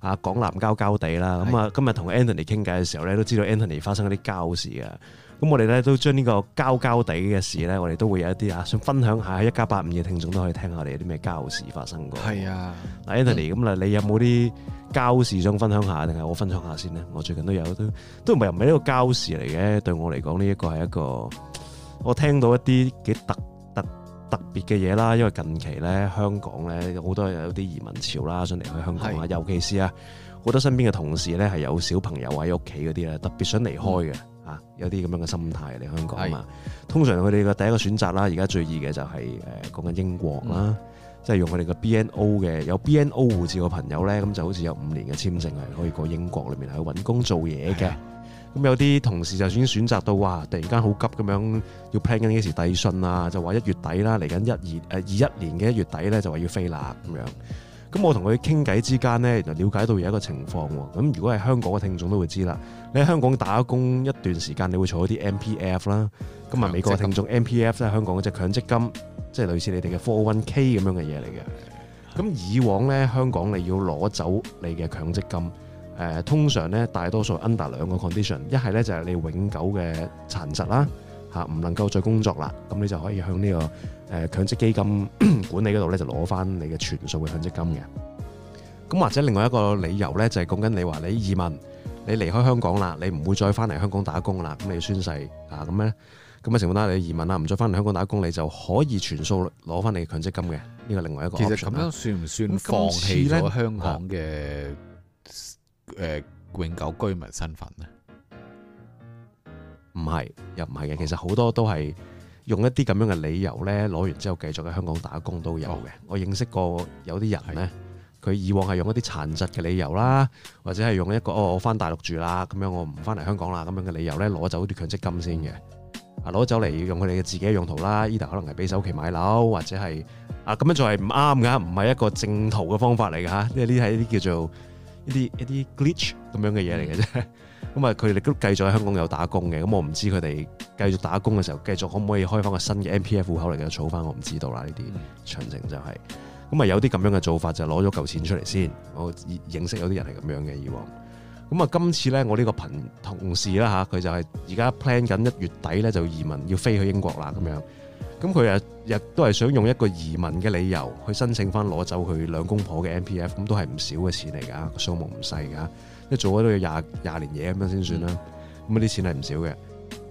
啊，港南交交地啦，咁啊，今日同 Anthony 傾偈嘅時候咧，都知道 Anthony 發生一啲交事嘅。咁我哋咧都將呢個交交地嘅事咧，我哋都會有一啲啊，想分享下，一家八五嘅聽眾都可以聽下，我哋有啲咩交事發生過。係啊，嗱，Anthony，咁啦，你有冇啲交事想分享下，定係我分享下先咧？我最近都有都都唔係唔係呢個交事嚟嘅，對我嚟講呢一個係一個我聽到一啲幾特。特別嘅嘢啦，因為近期咧香港咧好多有啲移民潮啦，想離開香港啊，尤其是啊好多身邊嘅同事咧係有小朋友喺屋企嗰啲咧，特別想離開嘅嚇、嗯，有啲咁樣嘅心態嚟香港啊。通常佢哋嘅第一個選擇啦，而家最易嘅就係誒講緊英國啦、嗯，即係用佢哋嘅 BNO 嘅有 BNO 護照嘅朋友咧，咁就好似有五年嘅簽證係可以過英國裏面係揾工做嘢嘅。咁有啲同事就算選擇到哇，突然間好急咁樣要 plan 緊幾時遞信啊，就話一月底啦，嚟緊一二誒二一年嘅一月底咧，就話要飛啦咁樣。咁我同佢傾偈之間咧，就了解到有一個情況喎。咁如果係香港嘅聽眾都會知啦，你喺香港打工一段時間，你會儲一啲 MPF 啦。咁啊美國嘅聽眾 MPF 即咧，香港嗰隻強積金，即係類似你哋嘅 Four One K 咁樣嘅嘢嚟嘅。咁以往咧，香港你要攞走你嘅強積金。誒通常咧，大多數 under 兩個 condition，一係咧就係你永久嘅殘疾啦，嚇唔能夠再工作啦，咁你就可以向呢個誒強積基金 管理嗰度咧就攞翻你嘅全數嘅強積金嘅。咁或者另外一個理由咧，就係講緊你話你移民，你離開香港啦，你唔會再翻嚟香港打工啦，咁你要宣誓啊咁咧，咁嘅情況下，你移民啦，唔再翻嚟香港打工，你就可以全數攞翻你嘅強積金嘅。呢個另外一個其實咁樣算唔算放棄香港嘅？誒、呃，永久居民身份咧，唔係又唔係嘅其實好多都係用一啲咁樣嘅理由咧，攞完之後繼續喺香港打工都有嘅，哦。我認識過有啲人咧，佢以往係用一啲殘疾嘅理由啦，或者係用一個哦，我翻大陸住啦，咁樣我唔翻嚟香港啦，咁樣嘅理由咧，攞走啲強積金先嘅，啊，攞走嚟用佢哋嘅自己嘅用途啦，呢度可能係俾首期買樓或者係啊咁樣就係唔啱噶，唔係一個正途嘅方法嚟噶吓，即係呢啲係啲叫做。一啲一啲 glitch 咁樣嘅嘢嚟嘅啫，咁啊佢哋都繼續喺香港有打工嘅，咁我唔知佢哋繼續打工嘅時候，繼續可唔可以開翻個新嘅 MPF 戶口嚟嘅儲翻，我唔、就是嗯、 知道啦。呢啲詳情就係、是，咁啊有啲咁樣嘅做法就攞咗嚿錢出嚟先，我認識有啲人係咁樣嘅以往，咁啊今次咧我呢個朋同事啦吓，佢就係而家 plan 緊一月底咧就移民要飛去英國啦咁樣。咁佢啊，亦都係想用一個移民嘅理由去申請翻攞走佢兩公婆嘅 MPF，咁都係唔少嘅錢嚟噶，數目唔細噶，你做咗都要廿廿年嘢咁樣先算啦。咁啲錢係唔少嘅。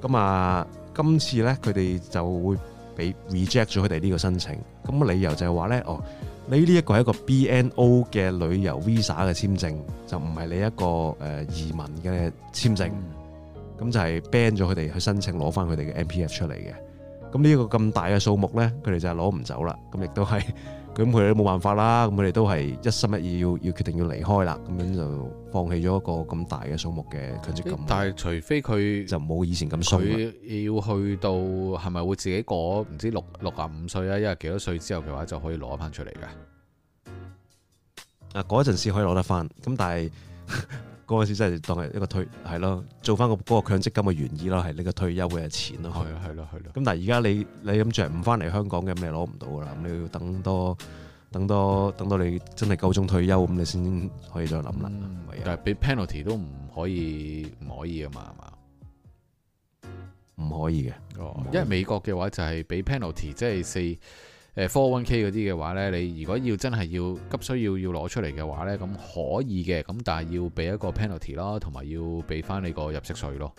咁啊今次咧，佢哋就會俾 reject 咗佢哋呢個申請。咁啊理由就係話咧，哦，你呢一個係一個 BNO 嘅旅遊 visa 嘅簽證，就唔係你一個誒、呃、移民嘅簽證。咁、嗯、就係 ban 咗佢哋去申請攞翻佢哋嘅 MPF 出嚟嘅。咁呢個咁大嘅數目咧，佢哋就係攞唔走啦。咁亦都係，咁佢哋冇辦法啦。咁佢哋都係一心一意要要決定要離開啦。咁樣就放棄咗一個咁大嘅數目嘅強積金。但係除非佢就冇以前咁鬆。佢要去到係咪會自己過唔知六十五歲啊？因為幾多歲之後嘅話就可以攞一樁出嚟嘅。啊，嗰陣時可以攞得翻。咁但係。 嗰陣時真係當係一個退係咯，做翻個嗰個強積金嘅原意咯，係你個退休嘅錢咯。係咯係咯係咯。咁但係而家你你諗住唔翻嚟香港嘅，咪攞唔到啦。咁你要等多等多等多，等到你真係夠鍾退休，咁你先可以再諗啦，嗯。但係俾 penalty 都唔可以唔可以啊嘛？係嘛？唔可以嘅。哦，因為美國嘅話就係俾 penalty，即係四。就是 say, 是誒 four one k 嗰啲嘅話咧，你如果要真係要急需要要攞出嚟嘅話咧，咁可以嘅，咁但係要俾一個 penalty 咯，同埋要俾翻你個入息稅咯，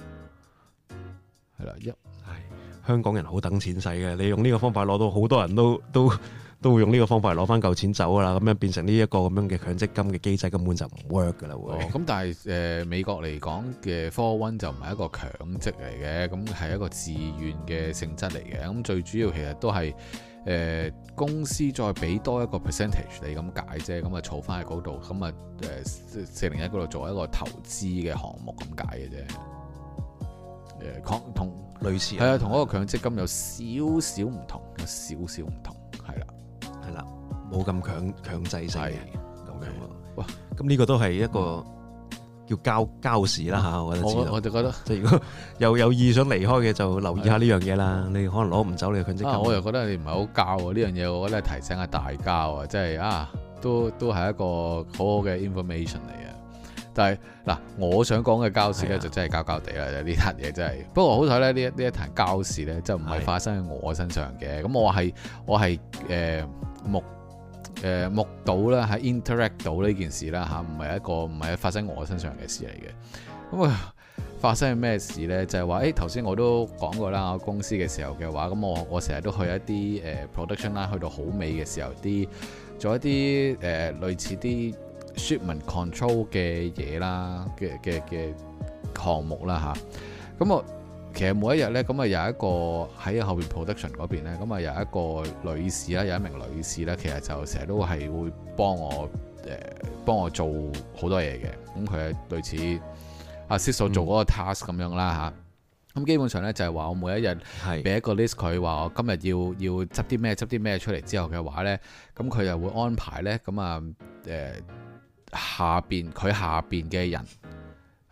係啦，一係香港人好等錢使嘅，你用呢個方法攞到好多人都都都會用呢個方法嚟攞翻嚿錢走啦，咁樣變成呢一個咁樣嘅強積金嘅機制根本就唔 work 噶啦喎。咁、哦、但係誒、呃、美國嚟講嘅 four one 就唔係一個強積嚟嘅，咁係一個自願嘅性質嚟嘅，咁最主要其實都係。誒公司再俾多一個 percentage 你咁解啫，咁啊儲翻喺嗰度，咁啊誒四零一嗰度做一個投資嘅項目咁解嘅啫。誒強同類似係啊，同嗰個強積金有少少唔同，有少少唔同，係啦，係啦，冇咁強強制性嘅咁樣。哇，咁、okay. 呢個都係一個、嗯。要交交市啦吓，我覺得我，我就覺得，即 係如果有有意想離開嘅，就留意下呢樣嘢啦。你可能攞唔走你嘅權益。我又覺得你唔係好交喎呢樣嘢，這件事我覺得係提醒下大家啊，即係啊，都都係一個好好嘅 information 嚟嘅。但係嗱、啊，我想講嘅交市咧，就真係交交地啦。呢壇嘢真係。不過好彩咧，呢一呢一呢一壇交市咧，就唔係發生喺我身上嘅。咁我係我係誒、呃、目。誒目睹啦，喺 interact 到呢件事啦吓，唔係一個唔係發生我身上嘅事嚟嘅。咁、呃、啊，發生咩事咧？就係、是、話，誒頭先我都講過啦，我公司嘅時候嘅話，咁我我成日都去一啲誒 production 啦，去到好尾嘅時候，啲做一啲誒、呃、類似啲 shipment control 嘅嘢啦，嘅嘅嘅項目啦吓。咁、啊、我。其實每一日咧，咁啊有一個喺後面 production 邊 production 嗰邊咧，咁啊有一個女士啦，有一名女士咧，其實就成日都係會幫我誒、呃，幫我做好多嘢嘅。咁佢類似阿、啊、Sis 做嗰個 task 咁、嗯、樣啦吓，咁基本上咧就係、是、話我每一日俾一個 list 佢，話我今日要要執啲咩執啲咩出嚟之後嘅話咧，咁佢就會安排咧，咁啊誒、呃、下邊佢下邊嘅人。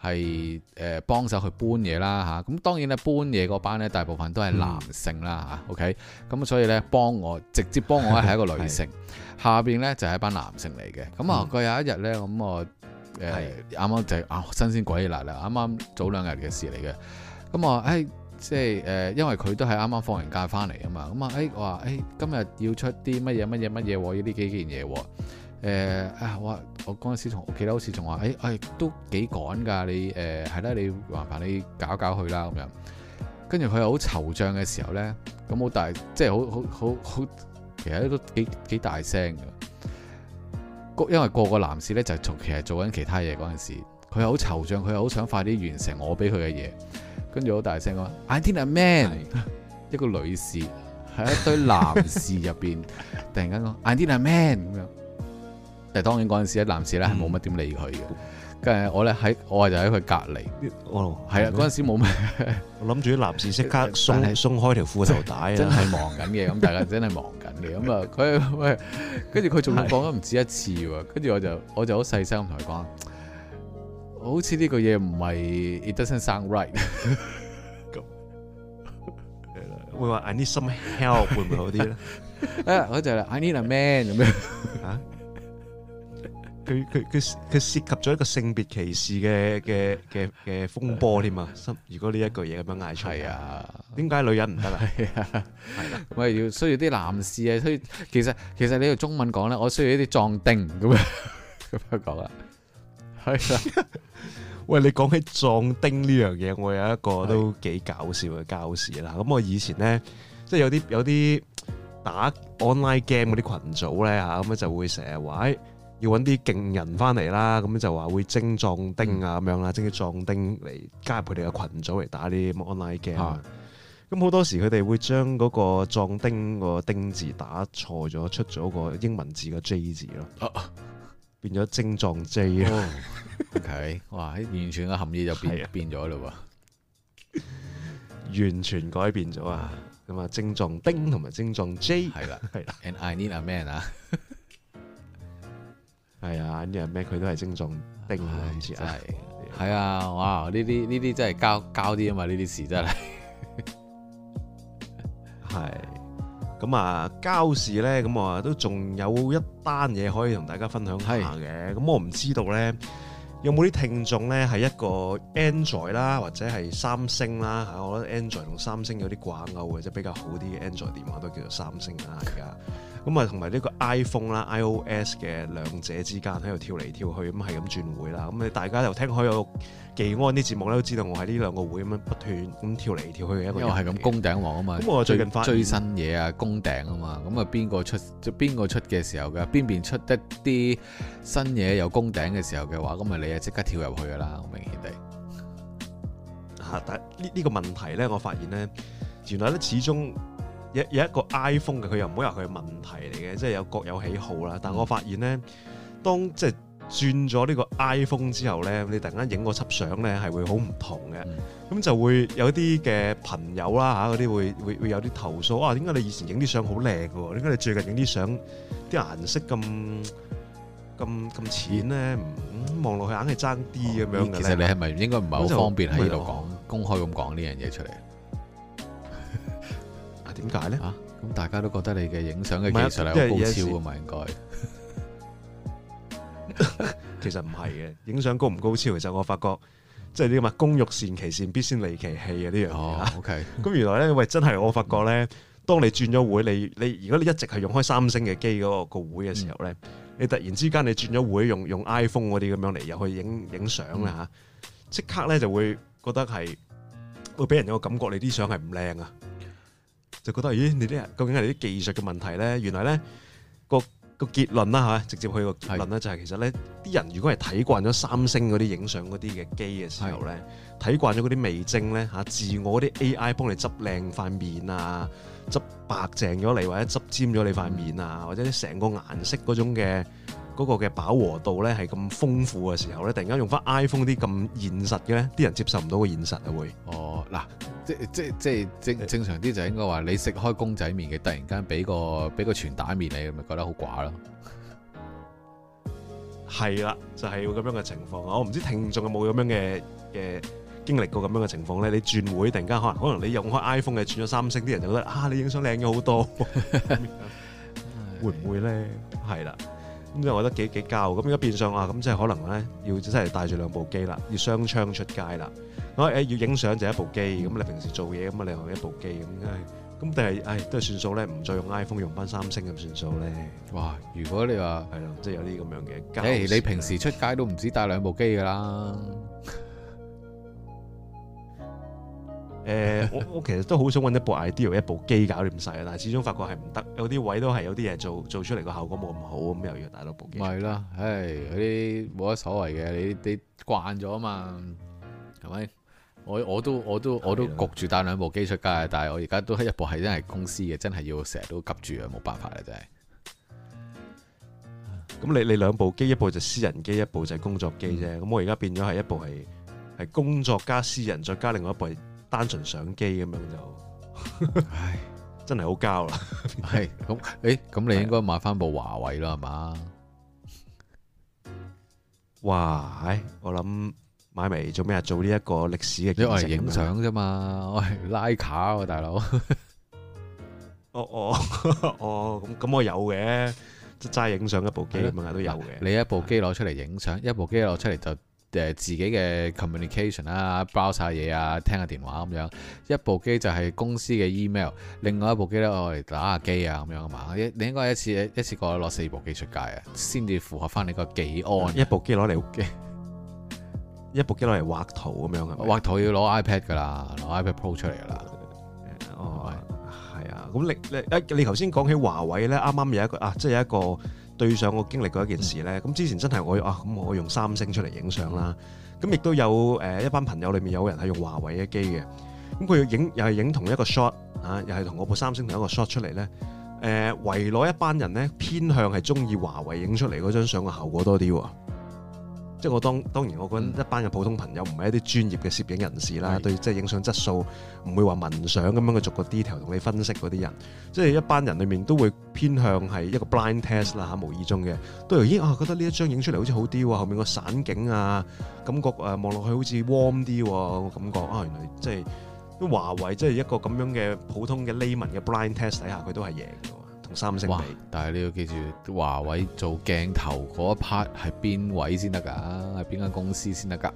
係誒、呃、幫手去搬嘢啦嚇，咁、啊、當然咧搬嘢嗰班咧大部分都係男性啦嚇、嗯啊、OK，咁所以咧幫我直接幫我咧係 一個女性，下邊咧就係、是、一班男性嚟嘅。咁啊佢有一日咧，咁我誒啱啱就啊、是哦、新鮮鬼嚟啦，啱啱早兩日嘅事嚟嘅，咁、哎就是呃哎哎、啊，誒即係誒因為佢都係啱啱放完假翻嚟啊嘛，咁啊誒我話誒今日要出啲乜嘢乜嘢乜嘢喎，要呢幾件嘢喎、啊。誒、呃、啊！我時我嗰陣時同屋企咧，好似仲話誒誒都幾趕噶，你誒係啦，你、呃、你麻煩你搞搞佢啦咁樣。跟住佢又好惆悵嘅時候咧，咁好大，即係好好好好，其實都幾幾大聲嘅。因為個個男士咧就從、是、其實做緊其他嘢嗰陣時，佢又好惆悵，佢又好想快啲完成我俾佢嘅嘢。跟住好大聲講，I need a man。 一個女士喺一堆男士入邊， 突然間講，I need a man 咁樣。係當然嗰陣時咧，男士咧係冇乜點理佢嘅。跟、嗯、住我咧喺，我係就喺佢隔籬。哦，係啊，嗰陣時冇咩，我諗住啲男士即刻鬆鬆開條褲頭帶真係忙緊嘅。咁 大家真係忙緊嘅。咁 啊、嗯，佢，喂，跟住佢仲講咗唔止一次喎。跟住我就我就好細聲咁同佢講，好似呢個嘢唔係，it doesn't sound right。 咁，我話 I need some help 會唔會好啲咧？誒、 啊，我就係 I need a man 咁樣啊。 佢佢佢佢涉及咗一個性別歧視嘅嘅嘅嘅風波添啊！如果呢一句嘢咁樣嗌出嚟，點解女人唔得啊？係啊，喂，要需要啲男士啊，需要其實其實你用中文講咧，我需要一啲壯丁咁樣咁樣講啊。係啊，喂，你講起壯丁呢樣嘢，我有一個都幾搞笑嘅故事啦。咁我以前咧，即係有啲有啲打 online game 嗰啲羣組咧嚇，咁咧就會成日話誒。要揾啲勁人翻嚟啦，咁樣就話會徵壯丁啊，咁樣啦，徵啲壯丁嚟加入佢哋嘅羣組嚟打啲 online game。咁好多時佢哋會將嗰個壯丁個丁字打錯咗，出咗個英文字嘅 J 字咯，變咗徵壯 J 啊！OK，哇，完全嘅含義就變變咗嘞喎，完全改變咗啊！咁啊，徵壯丁同埋徵壯 J，係啦，係啦，and I need a man 啊！係啊，呢人咩佢都係精種丁咁，真係。係、就係、 啊，哇！呢啲呢啲真係膠膠哋啊嘛，呢啲事真係。 係。咁啊，膠事咧，咁我啊都仲有一單嘢可以同大家分享下嘅。咁我唔知道咧，有冇啲聽眾咧係一個 Android 啦，或者係三星啦嚇。我覺得 Android 同三星有啲掛鈎嘅，即比較好啲嘅 Android 電話都叫做三星啦，而家。 咁啊，同埋呢個 iPhone 啦、iOS 嘅兩者之間喺度跳嚟跳去，咁係咁轉會啦。咁你大家又聽開有技安啲節目咧，都知道我喺呢兩個會咁樣不斷咁跳嚟跳去嘅一個。因為係咁攻頂王啊嘛。咁我最近追新嘢啊，攻頂啊嘛。咁啊，邊個出就邊個出嘅時候嘅，邊邊出一啲新嘢有攻頂嘅時候嘅話，咁啊，你啊即刻跳入去噶啦，好明顯地。嚇！但呢呢個問題咧，我發現咧，原來咧始終。有有一個 iPhone 嘅，佢又唔會話佢嘅問題嚟嘅，即係有各有喜好啦。但我發現咧，當即係轉咗呢個 iPhone 之後咧，你突然間影嗰輯相咧係會好唔同嘅，咁、嗯、就會有啲嘅朋友啦嚇，嗰啲會會會有啲投訴啊，點解你以前影啲相好靚㗎？點解你最近影啲相啲顏色咁咁咁淺咧？唔望落去硬係爭啲咁樣嘅。其實你係咪應該唔係好方便喺度講、就是、公開咁講呢樣嘢出嚟？點解咧？咁、啊、大家都覺得你嘅影相嘅技術係高超噶嘛？應該 其實唔係嘅，影相高唔高超？其實我發覺即係啲咁啊，工、即係呢個、欲善其事，必先利其器啊！呢樣嘢 OK 咁原來咧，喂，真係我發覺咧，當你轉咗會，你你如果你一直係用開三星嘅機嗰個個會嘅時候咧、嗯，你突然之間你轉咗會用用 iPhone 嗰啲咁樣嚟入去影影相啦吓，即、嗯啊、刻咧就會覺得係會俾人有個感覺你，你啲相係唔靚啊！就覺得咦，你啲究竟係你啲技術嘅問題咧？原來咧個、嗰個結論啦，嚇，直接去個結論咧，就係其實咧，啲人如果係睇慣咗三星嗰啲影相嗰啲嘅機嘅時候咧，睇慣咗嗰啲味精咧嚇，自我啲 AI 幫你執靚塊面啊，執白淨咗你，或者執尖咗你塊面啊，嗯、或者啲成個顏色嗰種嘅。嗰個嘅飽和度咧係咁豐富嘅時候咧，突然間用翻 iPhone 啲咁現實嘅咧，啲人接受唔到個現實會、哦、啊會哦嗱，即即即正正常啲就應該話你食開公仔麵嘅，突然間俾個俾個全蛋麵你，咪覺得好寡咯。係啦，就係咁樣嘅情況。我唔知聽眾有冇咁樣嘅嘅經歷過咁樣嘅情況咧？你轉會突然間可能可能你用開 iPhone 嘅轉咗三星，啲人就覺得啊，你影相靚咗好多， 會唔會咧？係啦。咁就我覺得幾幾膠咁，而家變相啊，咁即係可能咧，要真係帶住兩部機啦，要雙槍出街啦。我誒要影相就一部機，咁你平時做嘢咁啊，你用一部機咁，咁第係誒都係算數咧，唔再用 iPhone，用翻三星咁算數咧。哇！如果你話係咯，即係有啲咁樣嘅，誒你平時出街都唔止帶兩部機㗎啦。誒、 呃，我我其實都好想揾一部 ideal 一部機搞掂晒。啊！但係始終發覺係唔得，有啲位都係有啲嘢做，做出嚟個效果冇咁好，咁又要帶多部機。係、就、啦、是，唉、哎，嗰啲冇乜所謂嘅，你你慣咗啊嘛，係咪？我我都我都我都焗住帶兩部機出街，但係我而家都係一部係真係公司嘅，真係要成日都急住啊，冇辦法啦，真係。咁你你兩部機，一部就私人機，一部就係工作機啫。咁、嗯、我而家變咗係一部係係工作加私人，再加另外一部。單純相機咁樣就，唉，真係好膠啦。係咁，誒，咁你應該買翻部華為啦，係嘛？哇，誒，我諗買嚟做咩啊？做呢一個歷史嘅，因為影相啫嘛，我係拉卡個大佬。哦哦哦，咁咁我有嘅，即係齋影相一部機咁啊都有嘅。你一部機攞出嚟影相，一部機攞出嚟就。自己嘅 communication 啦、啊，包晒嘢啊，聽下電話咁樣，一部機就係公司嘅 email，另外一部機咧我嚟打下機啊咁樣啊嘛，你應該一次一次過攞四部機出街啊，先至符合翻你個技安。一部機攞嚟屋企， 一部機攞嚟畫圖咁樣嘅。係咪？畫圖要攞 iPad 噶啦，攞 iPad Pro 出嚟噶啦。哦，係啊，咁你你你頭先講起華為咧，啱啱有一個啊，即係有一個。啊就是對上我經歷過一件事呢，咁之前真係我啊，咁我用三星出嚟影相啦，咁亦都有誒一班朋友裏面有人係用華為嘅機嘅，咁佢影又係影同一個 shot 啊，又係同我部三星同一個 shot 出嚟呢。誒、呃、圍內一班人呢，偏向係中意華為影出嚟嗰張相嘅效果多啲喎。即係我當當然，我覺得一班嘅普通朋友唔係一啲專業嘅攝影人士啦、嗯，對即係影相質素唔會話文相咁樣去逐個 detail 同你分析嗰啲人，即係一班人裏面都會偏向係一個 blind test 啦、嗯、嚇，無意中嘅都已經啊覺得呢一張影出嚟好似好啲喎，後面個散景啊感覺誒望落去好似 warm 啲喎，感覺啊，原來即係華為，即係一個咁樣嘅普通嘅 layman 嘅 blind test 底下，佢都係贏的。三星哇！但係你要記住，華為做鏡頭嗰一 part 係邊位先得噶，係邊間公司先得噶？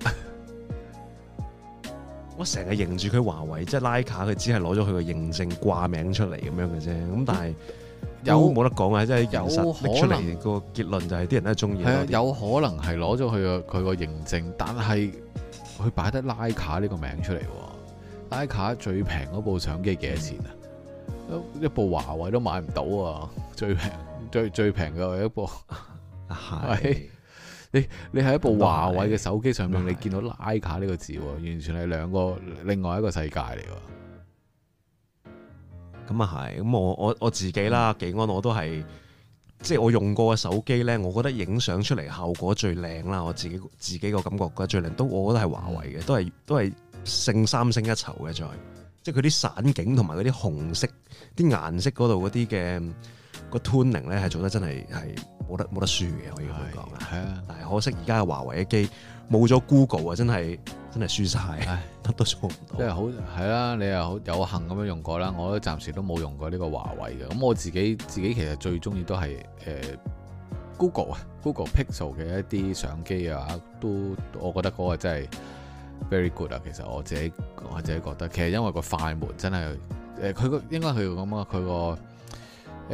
我成日認住佢華為，即係徠卡，佢只係攞咗佢個認證掛名出嚟咁樣嘅啫。咁但係有冇得講啊？即係有出嚟，個結論就係啲人都中意。有可能係攞咗佢個佢個認證，但係佢擺得徠卡呢個名出嚟。徠卡最平嗰部相機幾多錢啊？嗯一部華為都買唔到啊！最平最最平嘅一部，係 你你係一部華為嘅手機上面是，你見到拉卡呢個字，完全係兩個另外一個世界嚟。咁啊，係，咁我我我自己啦，技安我都係，即係我用過嘅手機咧，我覺得影相出嚟效果最靚啦。我自己自己個感覺覺得最靚，都我覺得係華為嘅，都係都係勝三星一籌嘅在。即係佢啲散景同埋嗰啲紅色，啲顏色嗰度嗰啲嘅個 tuning 咧係做得真係冇得冇得輸嘅，可以咁講啦。係啊，但係可惜而家嘅華為嘅機冇咗 Google 啊，真係真係輸晒，乜都做唔到。即係好係啦，你又好有幸咁樣用過啦，我都暫時都冇用過呢個華為嘅。咁我自己自己其實最中意都係、呃、Google 啊，Google Pixel 嘅一啲相機啊，都我覺得嗰個真係。Very good 啊，其實我自己我自己覺得，其實因為個快門真係，誒佢個應該佢咁啊，佢個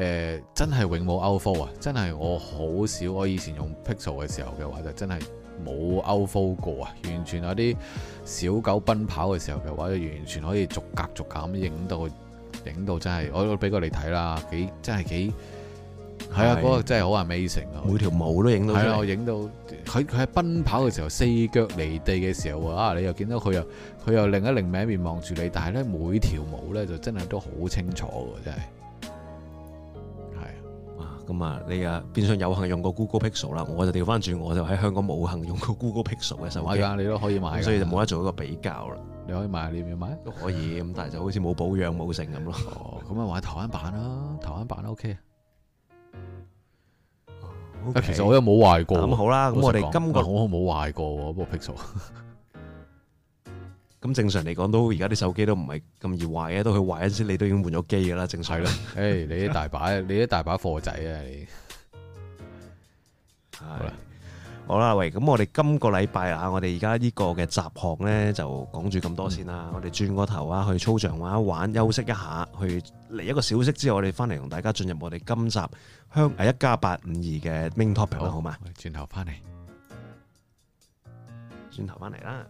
誒真係永冇歐焦啊，真係我好少我以前用 Pixel 嘅時候嘅話就真係冇歐焦過啊，完全有啲小狗奔跑嘅時候嘅話，就完全可以逐格逐格咁影到影到真係，我我俾個你睇啦，幾真係幾。係啊，嗰、啊那個真係好啊，美成啊，每條舞都影到。影到佢佢喺奔跑嘅時候，okay. 四腳離地嘅時候啊，你又見到佢又佢又另一另一面望住你，但係咧每條舞咧就真係都好清楚喎，真係。係啊，咁啊，你啊變相有幸用過 Google Pixel 啦，我就調翻轉，我就喺香港冇幸用過 Google Pixel 嘅手機。係你都可以買。所以就冇得做一個比較啦。你可以買，你要唔買？都可以咁，但係就好似冇保養冇成咁咯。咁、 哦、啊，買台灣版啦，台灣版 OK、啊啊，其實我又冇壞過。咁好啦，咁我哋今個我冇壞過，不過 Pixel。咁正常嚟講，都而家啲手機都唔係咁易壞嘅，都佢壞嗰陣時，你都已經換咗機㗎喇，正常啦。誒，你一大把，你一大把貨仔啊！係。好啦，喂！咁我哋今個禮拜啊，我哋而家呢個嘅雜項呢，就講住咁多先啦，嗯。我哋轉個頭啊，去操場玩一玩，休息一下，去嚟一個小息之後，我哋翻嚟同大家進入我哋今集香一家八五二嘅 main topic 好嘛？轉頭翻嚟，轉頭翻嚟啦。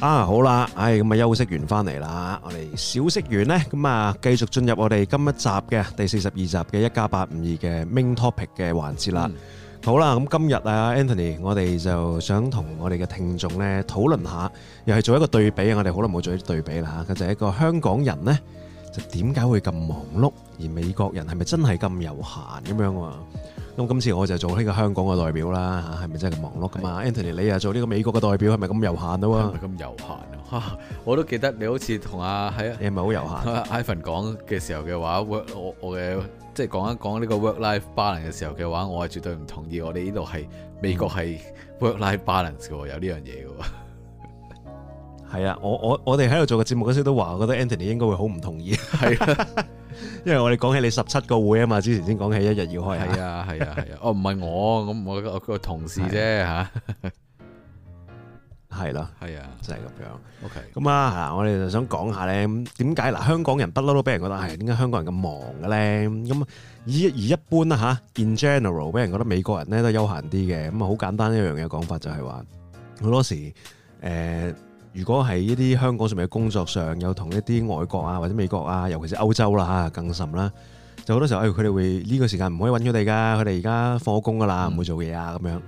啊，好啦，唉，咁啊休息完翻嚟啦，我哋小息完咧，咁啊繼續進入我哋今一集嘅第四十二集嘅一家八五二嘅 main topic 嘅環節啦。好啦，咁今日啊，Anthony，我哋就想同我哋嘅聽眾咧討論下，又係做一個對比，我哋好耐冇做啲對比啦吓，佢就係一個香港人咧就點解會咁忙碌，而美國人係咪真係咁悠閒咁樣啊？咁今次我就做呢個香港嘅代表啦吓，係咪真係咁忙碌噶嘛？Anthony 你又做呢個美國嘅代表，係咪咁悠閒啊？係咪咁悠閒啊？啊？我都記得你好似同阿係你係咪好悠閒。 是是 Ivan 講嘅時候嘅話我我嘅即係講一講呢個 work life balance 嘅時候嘅話，我係絕對唔同意。我哋呢度係美國係 work life balance 嘅喎，有呢樣嘢嘅喎。係啊，我我我哋喺度做個節目嗰時候都話，我覺得 Anthony 應該會好唔同意，係啊， 因為我哋講起你十七個會啊嘛，之前先講起、嗯、一日要開，係啊，係啊，係啊，哦唔係我，咁我個同事啫吓，係啦，係啊，真係咁樣，OK，咁啊吓，我哋就想講下咧，點解嗱香港人不嬲都俾人覺得係點解香港人咁忙嘅咧？咁、嗯、而而一般吓，In general 俾人覺得美國人咧都悠閒啲嘅，咁啊好簡單一樣嘢講法就係、是、話，好多時誒。呃如果喺一啲香港上面嘅工作上，有同一啲外國啊或者美國啊，尤其是歐洲啦吓，更甚啦，就好多時候誒，佢哋會，呢個時間唔可以搵佢哋㗎，佢哋而家放工㗎啦，唔會做嘢啊咁樣。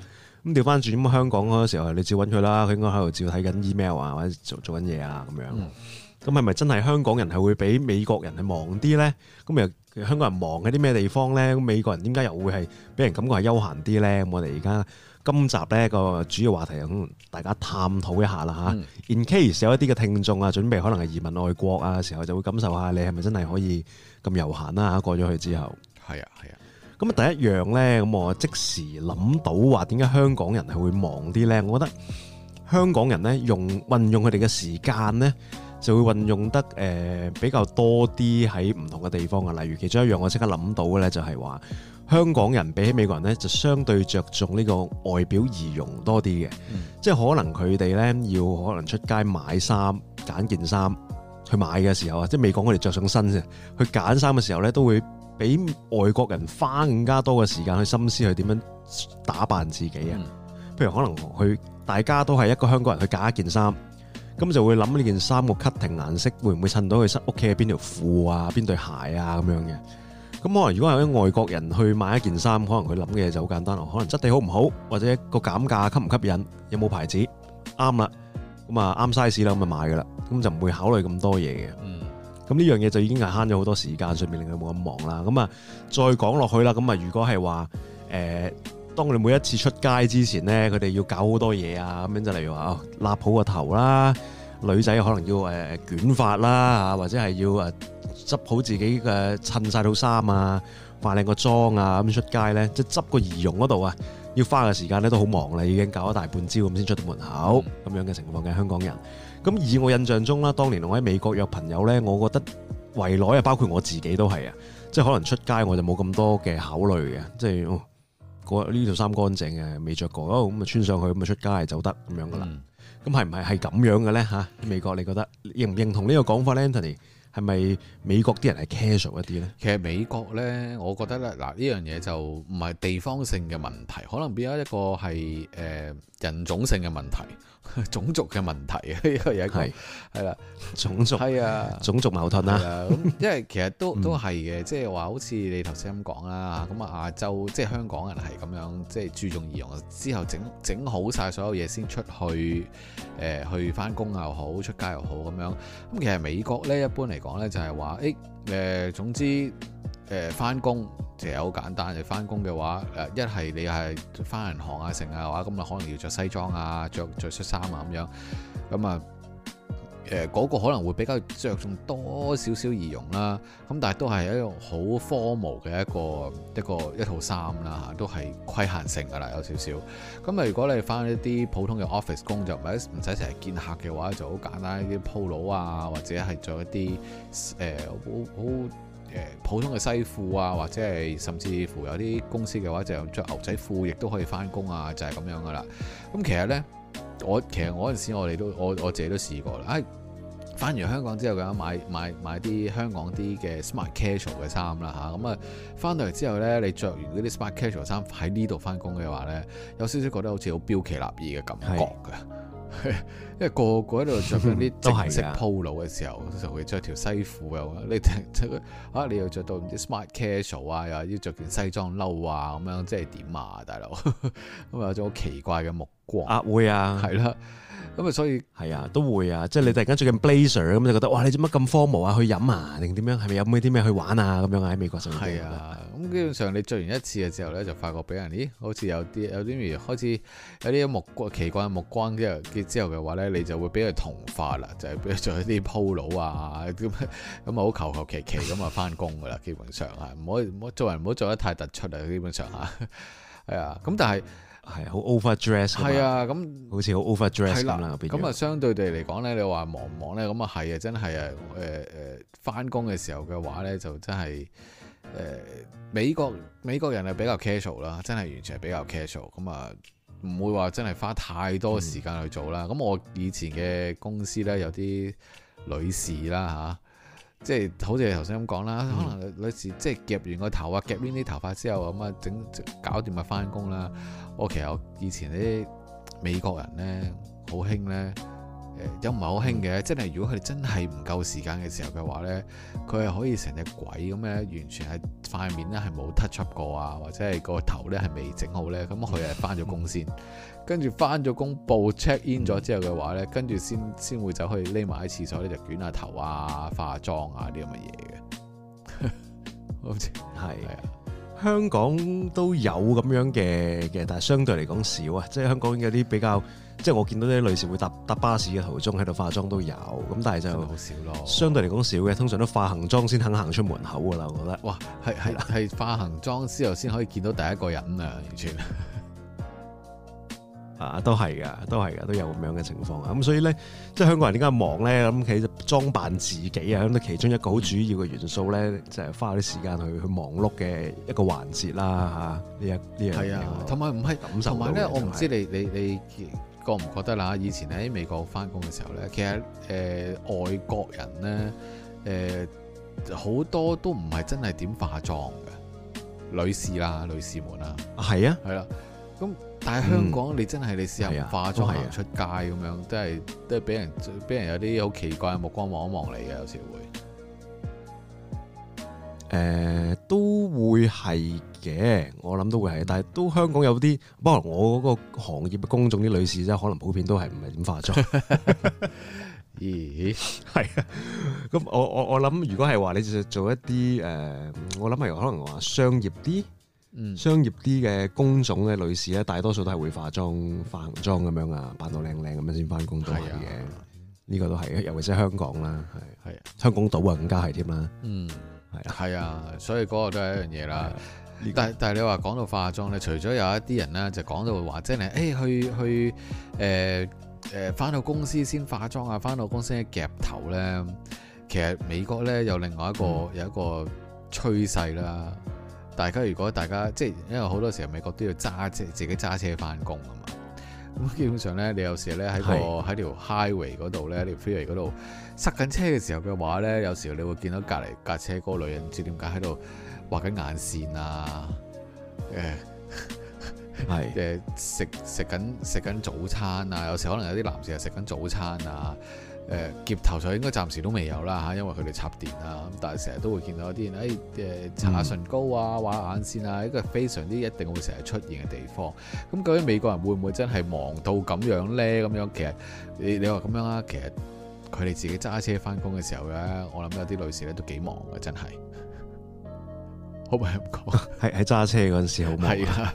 咁調返轉咁香港嗰個時候，你照搵佢啦，佢應該喺度照睇緊 email 啊或者做做緊嘢啊咁樣。咁係咪真係香港人係會比美國人係忙啲咧？咁又其實香港人忙喺啲咩地方咧？咁美國人點解又會係俾人感覺係休閒啲咧？咁我哋而家，今集呢個主要話題，咁大家探討一下啦吓、嗯、In case 有一啲嘅聽眾啊，準備可能係移民外國啊，時候就會感受下你係咪真係可以咁悠閒啊。嚇過咗去之後。係啊係啊。咁啊第一樣呢，咁我即時諗到話點解香港人係會忙啲呢？我覺得香港人呢，用運用佢哋嘅時間呢，就會運用得誒比較多啲喺唔同嘅地方啊。例如其中一樣我即刻諗到嘅呢，就係話。香港人比起美國人咧，就相對着重呢個外表儀容多啲嘅，嗯、即係可能佢哋咧要可能出街買衫，揀件衫去買嘅時候啊，即係未講佢哋着上身啫，去揀衫嘅時候咧，都會比外國人花更加多嘅時間去心思去點樣打扮自己啊。嗯、譬如可能佢大家都係一個香港人去揀一件衫，咁就會諗呢件衫個 cutting 顏色會唔會襯到佢室屋企嘅邊條褲啊，邊對鞋啊咁樣嘅。咁可能如果係啲外國人去買一件衫，可能佢諗嘅嘢就好簡單，可能質地好唔好，或者個減價吸唔吸引，有冇牌子，啱啦，咁啊啱 size 啦，咁就買㗎啦，咁就唔會考慮咁多嘢嘅。咁呢樣嘢就已經係慳咗好多時間，上面令佢冇咁忙啦。咁啊再講落去啦，咁啊如果係話誒，當你每一次出街之前咧，佢哋要搞好多嘢啊，咁樣就例如話哦，笠好個頭啦，女仔可能要誒、呃、捲髮啦，或者係要誒執好自己嘅襯晒套衫啊，化靚個妝啊，咁出街咧，即係執個儀容嗰度啊，要花嘅時間咧都好忙啦，已經搞咗大半朝咁先出到門口咁、嗯、樣嘅情況嘅香港人。咁以我印象中啦，當年我喺美國約朋友咧，我覺得圍內啊，包括我自己都係啊，即係可能出街我就冇咁多嘅考慮嘅，即係呢、哦、套衫乾淨嘅，未着過，哦咁啊穿上去咁啊出街係走得咁樣噶啦。咁係唔係係咁樣嘅咧？嚇，美國你覺得認唔認同個呢個講法咧，Anthony？係咪美國啲人係 casual 一啲呢？其實美國呢，我覺得咧，嗱，呢樣嘢就唔係地方性嘅問題，可能變咗一個係誒、呃、人種性嘅問題。種族嘅問題啊，呢、這個嘢係係啦，種族係啊，種族矛盾啦、啊，咁、啊、因為其實都 都係嘅，即係話好似你頭先咁講啦，咁啊亞洲即係、就是、香港人係咁樣，即、就、係、是、注重儀容之後整整好晒所有嘢先出去，誒、呃、去翻工又好，出街又好咁樣。咁其實美國呢，一般嚟講呢，就係話誒，誒、呃、總之。誒翻工其實好簡單，誒翻工嘅話，誒一係你係翻銀行啊、成啊嘅話，咁啊可能要着西裝啊、着著恤衫啊咁樣，咁啊誒嗰個可能會比較着重多少少儀容啦，咁但係都係一個好荒謬嘅一個一個一套衫啦嚇，都係規限性噶啦有少少。咁啊如果你翻一啲普通嘅 office 工，就唔使唔使成日見客嘅話，就好簡單啲 Polo 啊，或者係着一啲誒好好。呃誒，普通嘅西褲啊，或者係甚至乎有啲公司嘅話就着牛仔褲，亦都可以翻工啊，就係、是、咁樣噶啦。咁其實咧，我其實我嗰陣時我哋都我我自己都試過啦。哎、啊，翻完香港之後嘅話，買買買啲香港啲嘅 smart casual 嘅衫啦吓，咁啊翻到嚟之後咧，你着完嗰啲 smart casual 衫喺呢度翻工嘅話咧，有少少覺得好似好標奇立異嘅感覺噶。 因為個個喺度着緊啲正色 polo 嘅時候，就會着條西褲又，你睇，啊，你又着到唔知 smart casual 啊，又要着件西裝褸啊，咁樣即係點啊，大佬咁啊， 有種好奇怪嘅目光啊，會啊，係啦。咁啊，所以係啊，都會啊，即係你突然間最近 blazer 咁就覺得，哇，你做乜咁 formal 啊？去飲啊？定點樣？係咪有冇啲咩去玩啊？咁樣喺美國上係啊，咁基本上你做完一次嘅之後咧，就發覺俾人，咦，好似有啲有啲，如開始有啲目光奇怪嘅目光，之後嘅之後嘅話咧，你就會俾佢同化啦，就係俾佢做一啲 polo 啊，咁咁啊，好求求其其咁啊，翻工噶啦，基本上啊，唔可以唔好做人，唔好做得太突出啊，基本上吓，係 啊， 咁但係。係好 over dress 係啊，咁好似好 over dress 咁啦。咁啊，啊相對地嚟講咧，你話忙唔忙咧？咁啊係啊，真係啊。誒、呃、誒，翻工嘅時候嘅話咧，就真係誒、呃、美國美國人係比較 casual 啦，真係完全係比較 casual 咁啊，唔會話真係花太多時間去做啦。咁、嗯、我以前嘅公司咧，有啲女士啦嚇，即、啊、係、就是、好似你頭先咁講啦、嗯，可能女士即係、就是、夾完個頭啊，夾完啲頭髮之後咁啊，整搞掂咪翻工啦。我其實我以前啲美國人咧好興咧，誒又唔係好興嘅，真係如果佢哋真係唔夠時間嘅時候嘅話咧，佢係可以成隻鬼咁咧，完全係塊面咧係冇 touch up 過啊，或者係個頭咧係未整好咧，咁佢係翻咗工先，跟住翻咗工報 check in 咗之後嘅話咧，跟住先先會走去匿埋喺廁所咧就捲下頭啊、化下妝啊啲咁嘅嘢嘅，係。 好香港都有咁樣嘅嘅，但係相對嚟講少啊。即係香港有啲比較，即係我見到啲女士會搭搭巴士嘅途中喺度化妝都有，咁但係就好少咯。相對嚟講少嘅，通常都化行妝先肯行出門口㗎啦。我覺得，哇，係係啦，係化行妝之後先可以見到第一個人啊，完全。啊，都係噶，都係噶，都有咁樣嘅情況啊！咁所以咧，即係香港人點解忙咧？咁其實裝扮自己啊，咁其中一個好主要嘅元素咧，就係、是、花啲時間去去忙碌嘅一個環節啦，吓呢一呢樣嘢。係啊，同埋唔係感受到同埋咧，我唔知你你你，你覺唔覺得啦？以前喺美國翻工嘅時候咧，其實誒、呃、外國人咧，誒、呃、好多都唔係真係點化妝嘅女士啦，女士們啦，係啊，係啦，咁。但係香港你的、嗯，你真係你試下唔化妝，啊啊、行出街咁樣，都係都係俾人俾人有啲好奇怪嘅目光望一望你嘅，有時會，誒、呃、都會係嘅，我諗都會係。但係都香港有啲，不過我嗰個行業嘅公眾啲女士真係，可能普遍都係唔係點化妝，咦 係 啊？咁我我我諗，如果係話你做做一啲誒、呃，我諗係可能話商業啲。嗯、商業啲嘅工種嘅女士咧，大多數都係會化妝，化行妝咁樣漂亮漂亮啊，扮到靚靚咁樣先翻工都係嘅。呢、這個都係，尤其是香港啦，係係、啊、香港島啊，更加係添啦。嗯，係啊，係啊，啊，所以嗰個都係一樣嘢啦。是啊、但係但係，你話講到化妝咧、嗯，除咗有一啲人咧，就講到話即係，誒、就是欸，去去誒誒，翻、呃、到公司先化妝啊，翻到公司先夾頭咧。其實美國咧有另外一個、嗯、有一個趨勢啦。嗯大家如果大家即係，因為好多時候美國都要揸車，自己揸車翻工啊嘛。咁基本上咧，你有時咧喺個喺條 highway 嗰度咧，條 freeway 嗰度塞緊車嘅時候嘅話咧，有時你會見到隔離架車嗰個女人，唔知點解喺度畫緊眼線啊，誒係誒食食緊食緊早餐啊，有時可能有啲男士又食緊早餐啊。誒，夾頭就應該暫時都未有啦吓，因為佢哋插電啊，咁但係成日都會見到啲人，誒、哎，搽唇膏啊，畫眼線啊，呢個係非常之一定會成日出現嘅地方。咁究竟美國人會唔會真係忙到咁樣咧？咁樣，其實你你話咁樣啦，其實佢哋自己揸車翻工嘅時候咧，我諗有啲女士咧都幾忙嘅，真係。好唔好咁講？係喺揸車嗰陣時好忙，係、啊、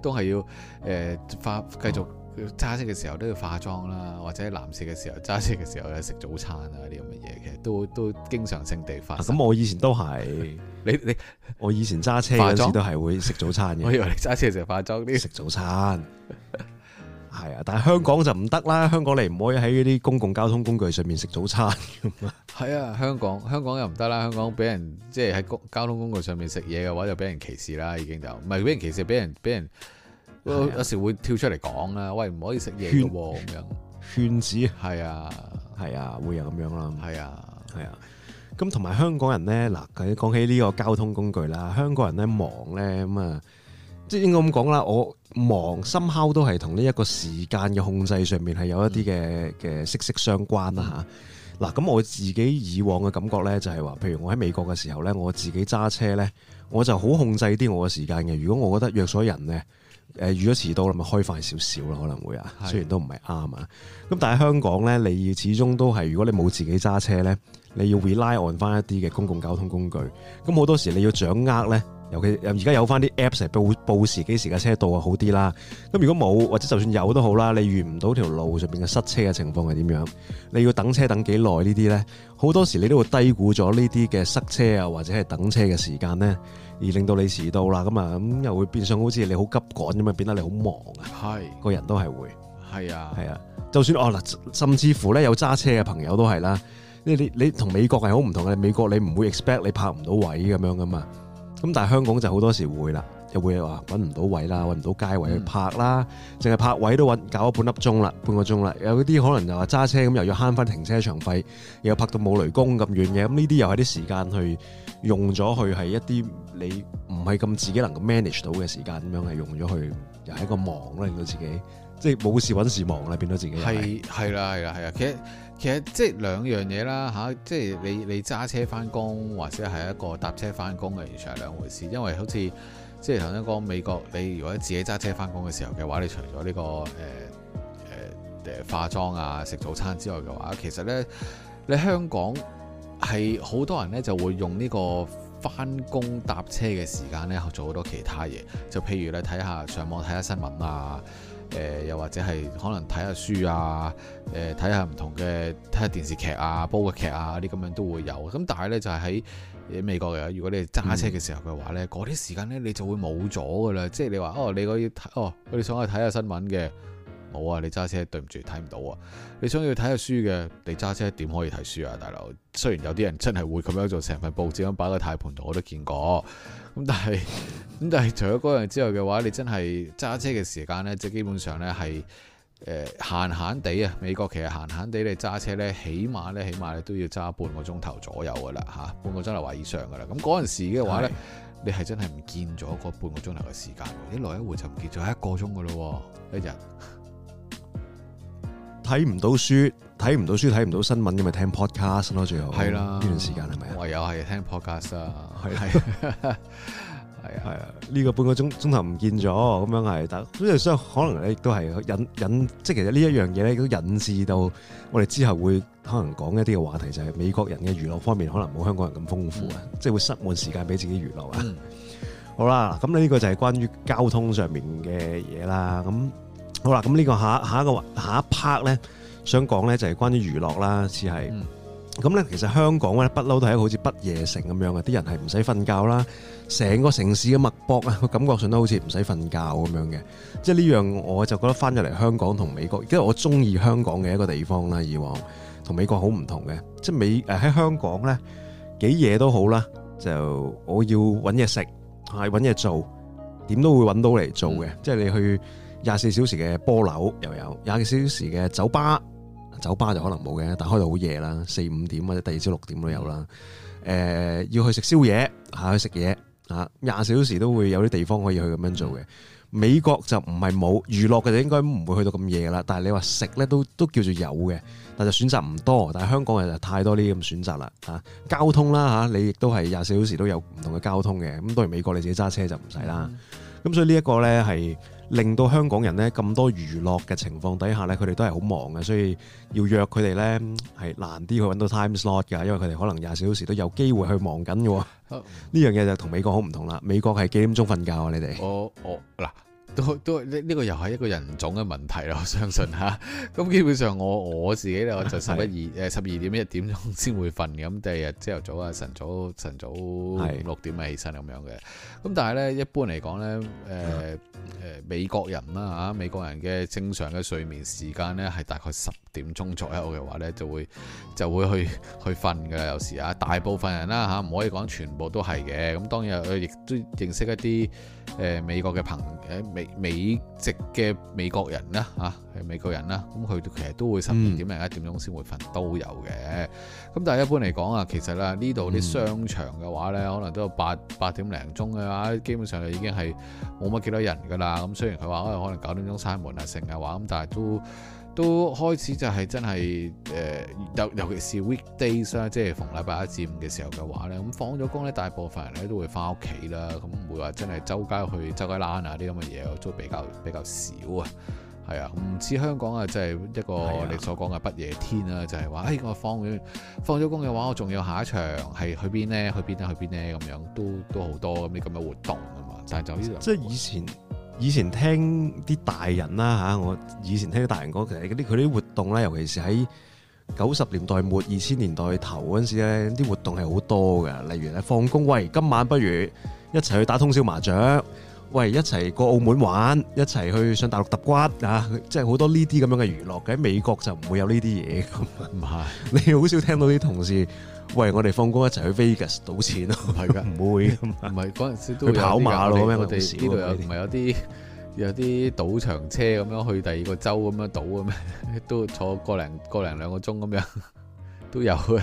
都係要誒，發、呃、繼續、嗯。揸車嘅時候都要化妝啦，或者男士嘅時候揸車嘅時候又食早餐啊啲咁嘅嘢，其實都都經常性地發生。咁、啊、我以前都係，你你我以前揸車嗰時候都係會食早餐嘅。 我以為你揸車嘅時候化妝啲食早餐，係 啊，但係香港就唔得啦，香港你唔可以喺啲公共交通工具上面食早餐噶係 啊，香港香港又唔得啦，香港俾人即係喺交通工具上面食嘢嘅話就俾人歧視啦，已經就唔係俾人歧視，俾人俾人。有時會跳出嚟講啦，喂，唔可以食嘢咯，咁樣圈子係啊，係啊，會有咁樣啦，係啊，係啊。咁同埋香港人咧，嗱，佢講起呢個交通工具啦，香港人咧忙咧咁啊，即係應該咁講啦。我忙心敲都係同呢一個時間嘅控制上面係有一啲嘅嘅息息相關啦。嚇、嗯、嗱，咁、啊、我自己以往嘅感覺咧，就係、是、話，譬如我喺美國嘅時候咧，我自己揸車咧，我就好控制啲我嘅時間嘅。如果我覺得約咗人咧，誒預咗遲到啦，咪開快少少咯，可能會啊。雖然都唔係啱啊。咁但係香港咧，你始終都係，如果你冇自己揸車咧，你要 rely on 翻一啲嘅公共交通工具。咁好多時你要掌握咧。尤其而家有翻啲 Apps 係報報時幾時架車到啊，好啲啦。咁如果冇或者就算有都好啦，你遇唔到條路上邊嘅塞車嘅情況係點樣？你要等車等幾耐呢啲呢？好多時你都會低估咗呢啲嘅塞車啊，或者係等車嘅時間呢，而令到你遲到啦。咁啊咁又會變相好似你好急趕咁樣，變得你好忙啊。係個人都係會係啊，係啊。就算哦甚至乎呢，有揸車嘅朋友都係啦。你你你同美國係好唔同嘅。美國你唔會 expect 你泊唔到位咁樣噶嘛。咁但係香港就好多時會啦，又會話揾唔到位啦，揾唔到街位去拍啦，淨、嗯、係泊位都揾，搞咗半粒鐘啦，半個鐘啦。有啲可能又話揸車咁，又要慳翻停車場費，又拍到冇雷公咁遠嘅，咁呢啲又係啲時間去用咗去係一啲你唔係咁自己能夠 manage 到嘅時間，咁樣係用咗去，又係一個忙啦，令到自己即係冇事揾事忙啦，變到自己係係啦，係啦，係啊，其實。其實即係兩樣嘢啦嚇，即係你你揸車翻工或者係一個搭車翻工嘅，完全係兩回事。因為好似即係頭先講美國，你如果自己揸車翻工嘅時候嘅話，你除咗呢個誒誒、呃呃、化妝啊、食早餐之外嘅話，其實呢，你香港係好多人呢就會用呢個翻工搭車嘅時間呢去做好多其他嘢，就譬如你睇下上網，睇下新聞啊。誒、呃、又或者係可能睇下書啊，誒睇下唔同嘅睇下電視劇啊，煲嘅劇啊嗰啲咁樣都會有。咁但係呢，就係、是、喺美國嘅，如果你揸車嘅時候嘅話呢，嗰啲時間呢，你就會冇咗㗎喇。即係你話哦，你我要哦，你想去睇下新聞嘅，冇啊！你揸車對唔住，睇唔到啊！你想要睇下書嘅，你揸車點可以睇書啊？大佬，雖然有啲人真係會咁樣做，成份報紙咁擺喺個軚盤度，我都見過。咁但係，咁但係，除咗嗰日之外嘅話，你真係揸車嘅時間呢，即基本上呢係，誒、呃，閒閒地啊，美國其實閒閒地你揸車呢，起碼呢，起碼都要揸半個鐘頭左右噶啦，吓、啊，半個鐘頭或以上噶啦。咁嗰陣時嘅話呢，你係真係唔見咗嗰半個鐘頭嘅時間，一來一回就唔見咗一個鐘噶咯，一日睇唔到書。睇唔到書，睇唔到新聞，咁咪聽 podcast 咯，最後呢段時間係咪啊？唯有係聽 podcast 啊，係係啊，呢 是的， 這個半個鐘 鐘頭唔見咗，咁樣係，但所以可能咧亦都係引引，即係其實呢一樣嘢咧都引致到我哋之後會可能講一啲嘅話題，就係美國人嘅娛樂方面可能冇香港人咁豐富啊，嗯、即係會塞滿時間俾自己娛樂啊。嗯嗯好啦，咁呢個就係關於交通上面嘅嘢啦。咁好啦，咁呢個下下一個下一 part 咧。想講咧就係關於娛樂啦，似係咁咧。其實香港咧不嬲都係一個好似不夜城咁樣嘅，啲人係唔使瞓覺啦。成個城市嘅脈搏啊，個感覺上都好似唔使瞓覺咁樣嘅。即係呢樣我就覺得翻咗嚟香港同美國，因為我中意香港嘅一個地方啦，以往同美國好唔同嘅。即係美誒喺香港咧幾夜都好啦，就我要揾嘢食，係揾嘢做，點都會揾到嚟做嘅。即係你去廿四小時嘅波樓又有，廿四小時嘅酒吧。酒吧就可能冇嘅，但開到好夜啦，四五點或者第二朝六點都有啦。誒、呃，要去食宵夜，下去食嘢啊，廿四、啊、小時都會有啲地方可以去咁樣做嘅。美國就唔係冇娛樂嘅，就應該唔會去到咁夜啦。但係你話食咧，都都叫做有嘅，但係選擇唔多。但係香港其實太多呢啲咁選擇啦。啊，交通啦吓、啊，你亦都係廿四小時都有唔同嘅交通嘅。咁當然美國你自己揸車就唔使啦。咁、嗯、所以呢一個咧係。令到香港人呢，咁多娛樂嘅情況底下呢，佢哋都係好忙嘅，所以要約佢哋呢，係難啲去揾到 time slot 㗎，因為佢哋可能廿四小時都有機會去忙緊嘅。呢、oh. 樣嘢就同美國好唔同啦。美國係幾點鐘瞓覺啊？你哋？我、oh. oh. 都都呢呢，這個又係一個人種嘅問題咯，我相信嚇咁， 基本上我我自己咧， 我就十一二誒十二點一點鐘先會瞓，咁第二日朝頭早啊晨早晨早六 點咪起身咁樣嘅。咁但係咧一般嚟講咧，誒誒美國人啦，啊、美國人嘅正常嘅睡眠時間咧係大概十。點鐘左右嘅話呢，就會就會去去瞓噶啦，有時啊，大部分人啦嚇，唔可以講全部都係嘅。咁當然佢亦都認識一啲誒美國嘅朋誒美美籍嘅美國人啦吓、啊，美國人啦。咁佢其實都會十二點零一點鐘先會瞓、嗯、都有嘅。咁但係一般嚟講啊，其實啦，呢度啲商場嘅話呢，可能都有八八點零鐘嘅話，基本上就已經係冇乜幾多人噶啦。咁雖然佢話可能可能九點鐘閂門啊，成日話咁，但係都。都開始就係真係誒，尤、呃、尤其是 weekdays 啦，即係逢禮拜一至五嘅時候嘅話咧，咁放咗工咧，大部分人咧都會翻屋企啦，咁唔會話真係周街去周街攬啊啲咁嘅嘢，都比較比較少啊，係啊，唔似香港啊，即係一個你所講嘅不夜天啦，啊、就係話，哎，我放放咗工嘅話，我仲要下一場係去邊呢？去邊咧？去邊呢？咁樣都都好多咁啲咁嘅活動啊嘛，但係就即係以前。以前聽啲大人啦嚇，我以前聽啲大人講，其實啲佢啲活動咧，尤其是喺九十年代末、二千年代頭嗰陣時咧，啲活動係好多嘅。例如咧放工，喂，今晚不如一齊去打通宵麻雀，喂，一齊過澳門玩，一齊去上大陸揼骨啊！即係好多呢啲咁樣嘅娛樂嘅。喺美國就唔會有呢啲嘢咁啊！唔係，你好少聽到啲同事。喂，我哋放工一齊去 Vegas 賭錢咯，唔係㗎，唔會，唔係嗰陣時都去跑馬咯咩？我哋呢度有唔係有啲有啲賭場車咁樣去第二個州咁樣賭嘅咩？都坐個零個零兩個鐘咁樣都有嘅。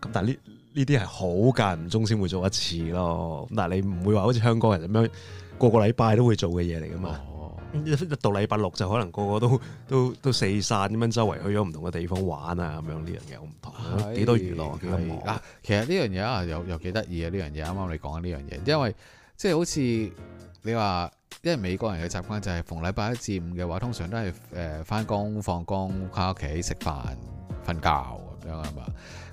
咁但係呢呢啲係好間唔中先會做一次咯。但係你唔會話好似香港人咁樣個個禮拜都會做嘅嘢嚟噶嘛？哦一到禮拜六就可能個個都都都四散咁樣周圍去咗唔同嘅地方玩啊，咁樣呢樣嘢好唔同，幾多娛樂啊！其實呢樣嘢啊又又幾得意啊！呢樣嘢啱啱你講緊呢樣嘢，因為即係、就是、好似你話，因為美國人嘅習慣就係逢禮拜一至五嘅話，通常都係誒翻工、放工、翻屋企食飯、瞓覺咁樣係嘛。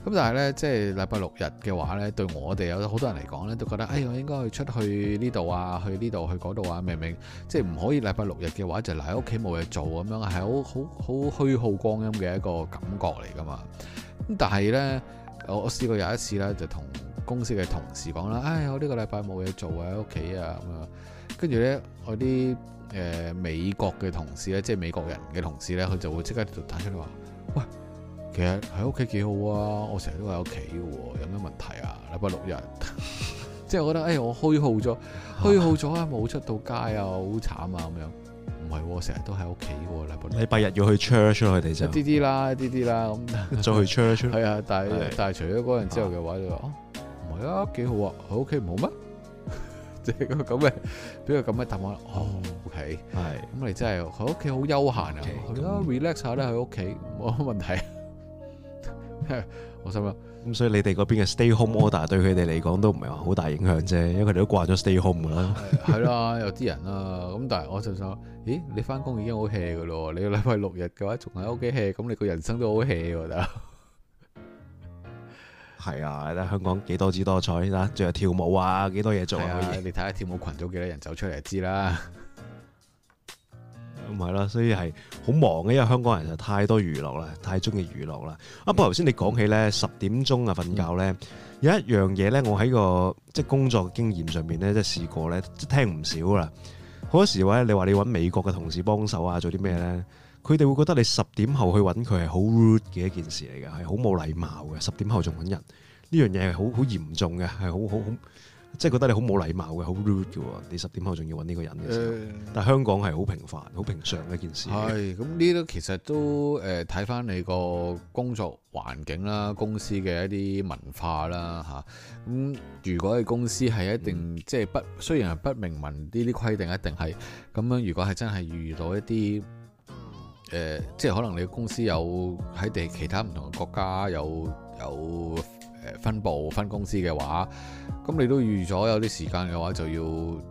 咁但係咧，即係禮拜六日嘅話咧，對我哋有好多人嚟講咧，都覺得，哎，我應該去出去呢度啊，去呢度去嗰度啊，明明即係唔可以禮拜六日嘅話就留喺屋企冇嘢做咁樣，係好好好虛耗光陰嘅一個感覺嚟噶嘛。咁但係咧，我我試過有一次咧，就同公司嘅同事講啦，哎，我呢個禮拜冇嘢做啊，喺屋企啊咁樣，跟住咧我啲、呃、美國嘅同事咧，即係美國人嘅同事咧，佢就會即刻就彈出嚟話。其實喺屋企幾好啊，我成日都喺屋企嘅，有咩問題啊？禮拜六日，即 係覺得誒、欸，我虛耗咗，虛、啊、耗咗啊，冇出到街啊，好慘啊，咁樣，唔係、啊，成日都喺屋企嘅，禮拜禮拜日要去 church 咯，佢哋就，一啲啲啦，一啲啲啦，咁、嗯、 再去 church，係啊，但係但係除咗嗰日之後嘅話，啊、就哦唔係啊，幾、啊、好啊，喺屋企唔好咩？即係咁嘅，俾佢咁嘅答案、嗯，哦，OK，係，咁你真係喺屋企好休閒啊，係啊，relax 下咧喺屋企冇問題。我心咯，咁所以你哋嗰邊嘅 stay home order，但係對佢哋嚟講都唔係話好大影響啫，因為佢哋都慣咗 stay home 噶啦。係啦，有啲人啦，咁但係我就想，咦，你翻工已經好 hea 噶咯，你禮拜六日嘅話仲喺屋企 hea，咁你個人生都好 hea 噶。係啊，喺香港幾多姿多彩，啦，仲有跳舞啊，幾多嘢做啊，可以，你睇下跳舞群組幾多人走出嚟就知啦。咁係啦所以係好忙嘅，因為香港人就太多娛樂啦，太中意娛樂啦。啊，不過頭先你講起咧十點鐘啊瞓覺咧，嗯，有一樣嘢咧，我喺個即係工作經驗上面咧，即係試過咧，聽唔少啦。好多時話你話你搵美國嘅同事幫手啊，做啲咩咧，佢哋會覺得你十點後去搵佢係好 rude 嘅一件事嚟嘅，係好冇禮貌嘅。十點後仲搵人呢樣嘢係好好嚴重嘅，係好好。即係覺得你好冇禮貌嘅，好 rude 嘅喎，你十點後仲要揾呢個人嘅時候、欸、但香港係好平凡、好平常嘅一件事。係咁呢啲其實都誒睇翻你個工作環境啦、公司嘅一啲文化啦吓，咁、啊嗯、如果你公司係一定、嗯、即係不，雖然係不明文呢啲規定一定係咁樣。如果係真係遇到一啲誒、呃，即係可能你公司有喺地其他唔同嘅國家有有。誒分部分公司嘅話，咁你都預咗有啲時間嘅話就，就要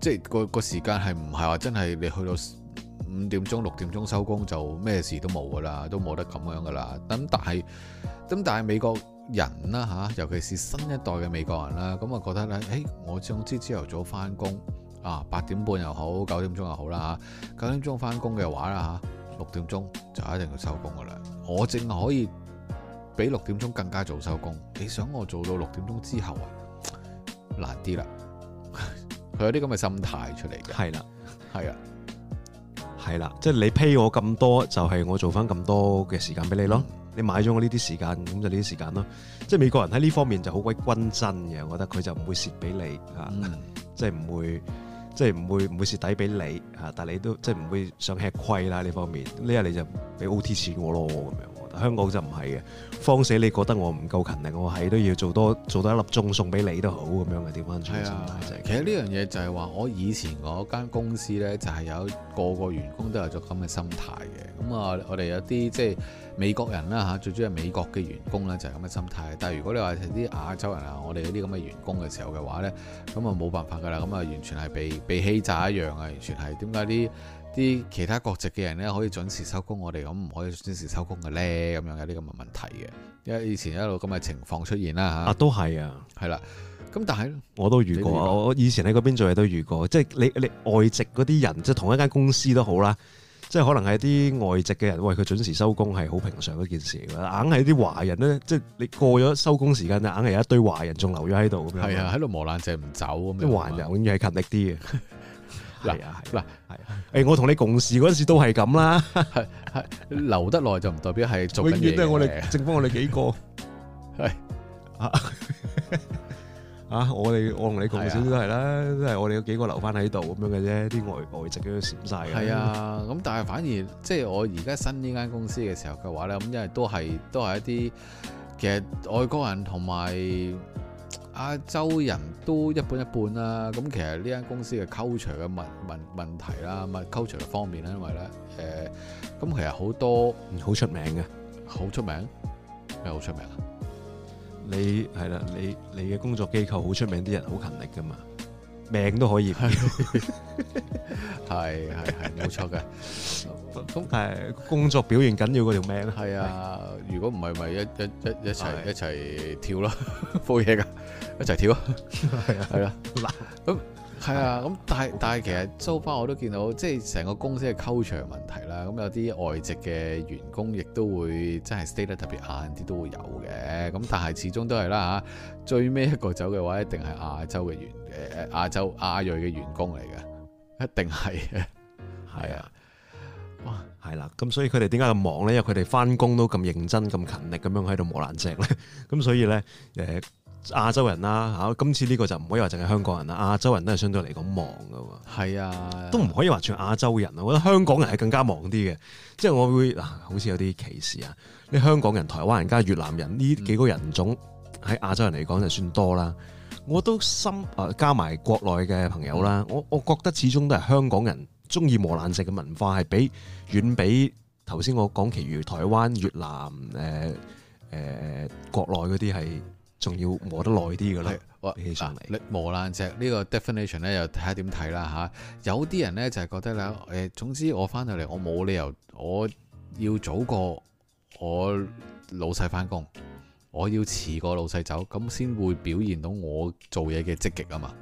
即係個個時間係唔係話真係你去到五點鐘六點鐘收工就咩事都冇㗎啦，都冇得咁樣㗎啦。咁但係咁但係美國人啦嚇，尤其是新一代嘅美國人啦，咁啊覺得咧，誒、哎，我總之朝頭早返工啊，八點半又好，九點鐘又好啦嚇，九點鐘返工嘅話啦嚇，六點鐘就一定要收工㗎啦，我淨可以。比六點鐘更加早收工，你想我做到六點鐘之後啊，難啲啦。佢 有啲咁嘅心態出嚟嘅，係啦，係啊，係啦，即、就、係、是、你 pay 我咁多，就係、是、我做翻咁多嘅時間俾你咯。嗯、你買咗我呢啲時間，咁就呢啲時間咯。即係美國人喺呢方面就好鬼均真嘅，我覺得佢就唔會蝕俾你，吓、嗯，即係唔會，即係唔會唔會蝕底俾你吓、啊。但係你都即係唔會想吃虧啦呢方面。呢日你就俾 O T 錢我咯咁樣。香港就唔係嘅，況且你覺得我唔夠勤力，我係都要做多做多一粒鐘送俾你都好咁樣嘅，點樣、就是、其實呢樣嘢就係話，我以前我間公司呢，就係有個個員工都有咗咁嘅心態嘅。咁啊，我哋有啲即係美國人啦嚇，最主要係美國嘅員工呢，就係咁嘅心態。但係如果你話啲亞洲人啊，我哋嗰啲咁嘅員工嘅時候嘅話呢，咁啊冇辦法噶啦，咁啊完全係被被欺詐一樣啊，完全係點解啲，啲其他國籍嘅人咧可以準時收工，我哋咁唔可以準時收工嘅咧，咁樣有啲咁嘅問題嘅。因為以前一路咁嘅情況出現啦嚇。啊，都係啊，係啦。咁但係我都遇過啊，我以前喺嗰邊做嘢都遇過。即係你你外籍嗰啲人，即係同一間公司都好啦。即係可能係啲外籍嘅人，為佢準時收工係好平常嗰件事。硬係啲華人咧，即係你過咗收工時間就硬係有一堆華人仲留咗喺度。係啊，喺度磨爛蓆唔走咁樣。啲華人永遠係勤力啲嘅。 嗱，嗱，係，誒，我同你共事嗰陣時都係咁啦，係係，留得耐就唔代表係做，永遠都係我哋剩翻我哋幾個，係啊啊！我哋我同你共事都係啦，都係我哋嗰幾個留翻喺度咁樣嘅啫，啲外外籍嘅閃曬。係啊，咁但係反而即係我而家新呢間公司嘅時候嘅話咧，咁因為都係都係一啲其實外國人同埋。亞洲人都一半一半啦、啊，咁其實呢間公司嘅扣除嘅問問問題啦，咪扣除嘅方面咧，因為咧，誒，咁其實好多好出名嘅，好出名，咩好出名啊？你係啦，你你嘅工作機構好出名，啲人好勤力㗎嘛，命都可以，係係係冇錯嘅。 是的是的 咁係工作表現緊要嗰條命？係啊，如果唔係咪一一一一齊一齊跳啦？冇嘢噶，一齊，一齊跳啊！係啊，係 啦。咁係啊，咁 是的 是的 但係 但， 但， 但其實租翻 我都見到，即係成個公司嘅 culture 問題啦。咁有啲外籍嘅員工亦都會真係 stay 得特別晏啲，都會有嘅。咁但係始終都係啦、嚇、最尾一個走嘅話，一定係亞洲嘅員，誒亞洲亞裔嘅員工嚟嘅，一定係啊。是的是的 是係啦，咁所以佢哋點解咁忙咧？因為佢哋翻工都咁認真、咁勤力，咁樣喺度磨爛蓆咧。咁所以咧，誒亞洲人啦嚇，今次呢個就唔可以話淨係香港人啦，亞洲人都係相對嚟講忙噶喎。係啊，都唔可以話全亞洲人啊，我覺得香港人係更加忙啲嘅。即係我會嗱，好似有啲歧視啊，你香港人、台灣人、加越南人呢幾個人種喺、嗯、亞洲人嚟講就算多啦。我都深誒加埋國內嘅朋友啦，我我覺得始終都係香港人。鍾意磨爛蓆嘅文化係比遠比頭先我講其餘台灣、越南、誒、呃、誒、呃、國內嗰啲係仲要磨得耐啲嘅咧。係啊，磨爛蓆呢個 definition 咧又睇下點睇啦嚇。有啲人咧就係、是、覺得咧，誒總之我返到嚟我冇理由我要早過我老細返工，我要遲過老細走，咁先會表現到我做嘢嘅積極啊嘛。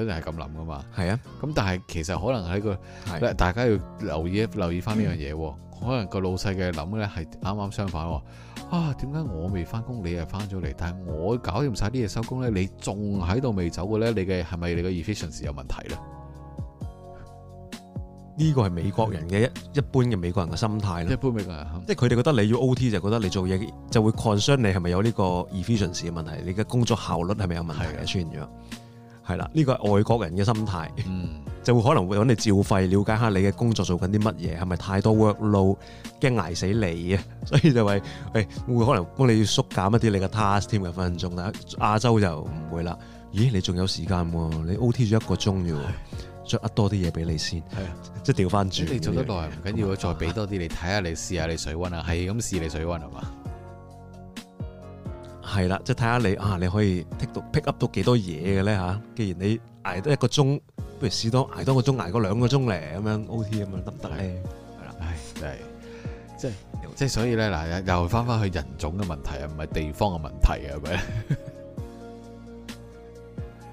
一定係咁諗噶嘛？係啊。咁但係其實可能喺個，咧、啊、大家要留意，留意翻呢樣嘢。可能個老細嘅諗咧係啱啱相反。啊，點解我未翻工，你又翻咗嚟？但係我搞掂晒啲嘢收工咧，你仲喺度未走嘅咧？你嘅係咪你嘅 efficiency 有問題啊？呢個係美國人嘅一一般嘅美國人嘅心態咧。一般美國人，即係佢哋覺得你要 OT 就係覺得你做嘢就會 concern 你係咪有呢個 efficiency 嘅問題？你嘅工作效率係咪有問題出現咗。係啦，呢、這個外國人嘅心態，嗯、就會可能會揾你照肺，了解下你嘅工作做緊啲乜嘢，係咪太多 work load，驚捱死你啊！所以就話，誒、欸、會可能幫你要縮減一啲你嘅 task 添嘅分鐘。但係亞洲就唔會啦。咦，你仲有時間喎、啊？你 O T 咗一個鐘要，再呃多啲嘢俾你先。係啊，即係調翻轉。你做得耐唔緊要，再俾多啲你睇下，你試下你水溫啊，係咁試你水溫係嘛？嗯係啦，即係睇下你啊，你可以 pick 到 pick up 到幾多嘢嘅咧吓。既然你挨多一個鐘，不如試多挨多個鐘，挨嗰兩個鐘咧，咁樣 O T 咁樣得唔得咧？係啦，唉，真係即係即係，所以咧嗱，又翻翻去人種嘅問題啊，唔係地方嘅問題啊，係 咪？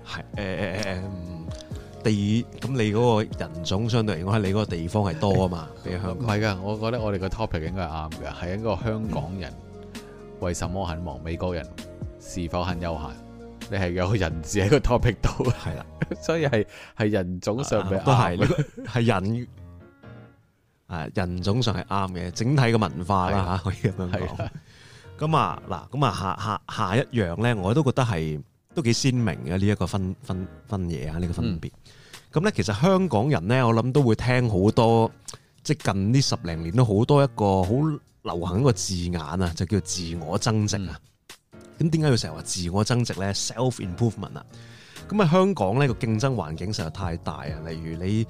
係誒誒誒，地咁你嗰個人種相對嚟講，喺你嗰個地方係多啊嘛。你、哎、香港唔係噶，我覺得我哋個 topic 應該係啱嘅，係一個香港人、嗯。為什麼很忙？美國人是否很悠閒？你係有人字喺個 topic 度，係啦， 所以係係人種上面啱，係、這個、人啊人種上係啱嘅，整體嘅文化啦吓，可以咁樣講。咁啊嗱，咁啊下下下一樣咧，我都覺得係都幾鮮明嘅呢一個分分分野啊，呢、這個分別。咁、嗯、咧，其實香港人咧，我諗都會聽好多，即係近呢十零年都好多一個好。流行一個字眼啊，就叫自我增值啊。咁點解要成日話自我增值咧？Self improvement 啊。咁啊，香港呢個競爭環境實在太大啊。例如你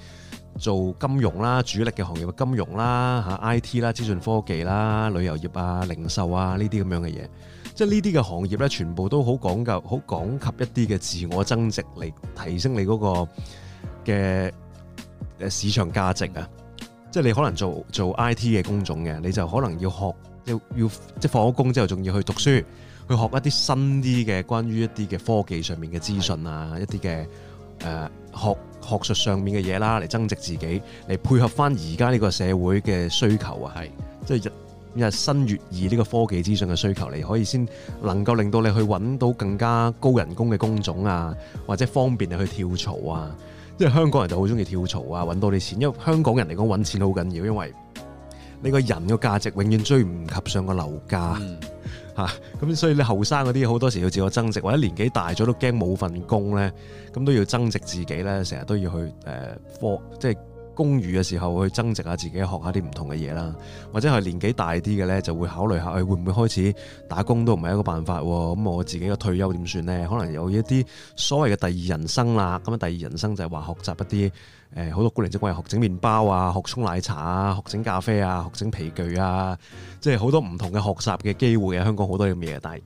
做金融啦，主力嘅行業嘅金融啦、吓 IT 啦、資訊科技啦、旅遊業啊、零售啊呢啲咁樣嘅嘢，即係呢啲嘅行業咧，全部都好講究，好講及一啲嘅自我增值嚟提升你嗰個嘅誒市場價值啊。即係你可能做做 IT 嘅工種嘅，你就可能要學要要，即係放咗工之後，仲要去讀書，去學一啲新啲嘅關於一啲嘅科技上面嘅資訊啊，一啲嘅誒學學術上面嘅嘢啦，嚟增值自己，嚟配合翻而家呢個社會嘅需求啊，係即係日日新月異呢個科技資訊嘅需求，你可以先能夠令到你去搵到更加高人工嘅工種啊，或者方便你去跳槽啊。即係香港人就好中意跳槽啊，揾多啲錢。因為香港人嚟講揾錢好緊要，因為你個人嘅價值永遠追唔及上個樓價嚇。咁所以你後生嗰啲好多時要自我增值，或者年紀大咗都驚冇份工咧，咁都要增值自己咧，成日都要去誒科即係。工餘嘅時候去增值下自己，學下啲唔同嘅嘢啦，或者係年紀大啲嘅呢就會考慮下，誒、哎、會唔會開始打工都唔係一個辦法喎。咁我自己嘅退休點算呢？可能有一啲所謂嘅第二人生啦。咁啊，第二人生就係話學習一啲誒好多孤零零，即係學整麵包啊，學沖奶茶啊，學整咖啡啊，學整、啊、皮具啊，即係好多唔同嘅學習嘅機會啊。香港好多咁嘢，但係。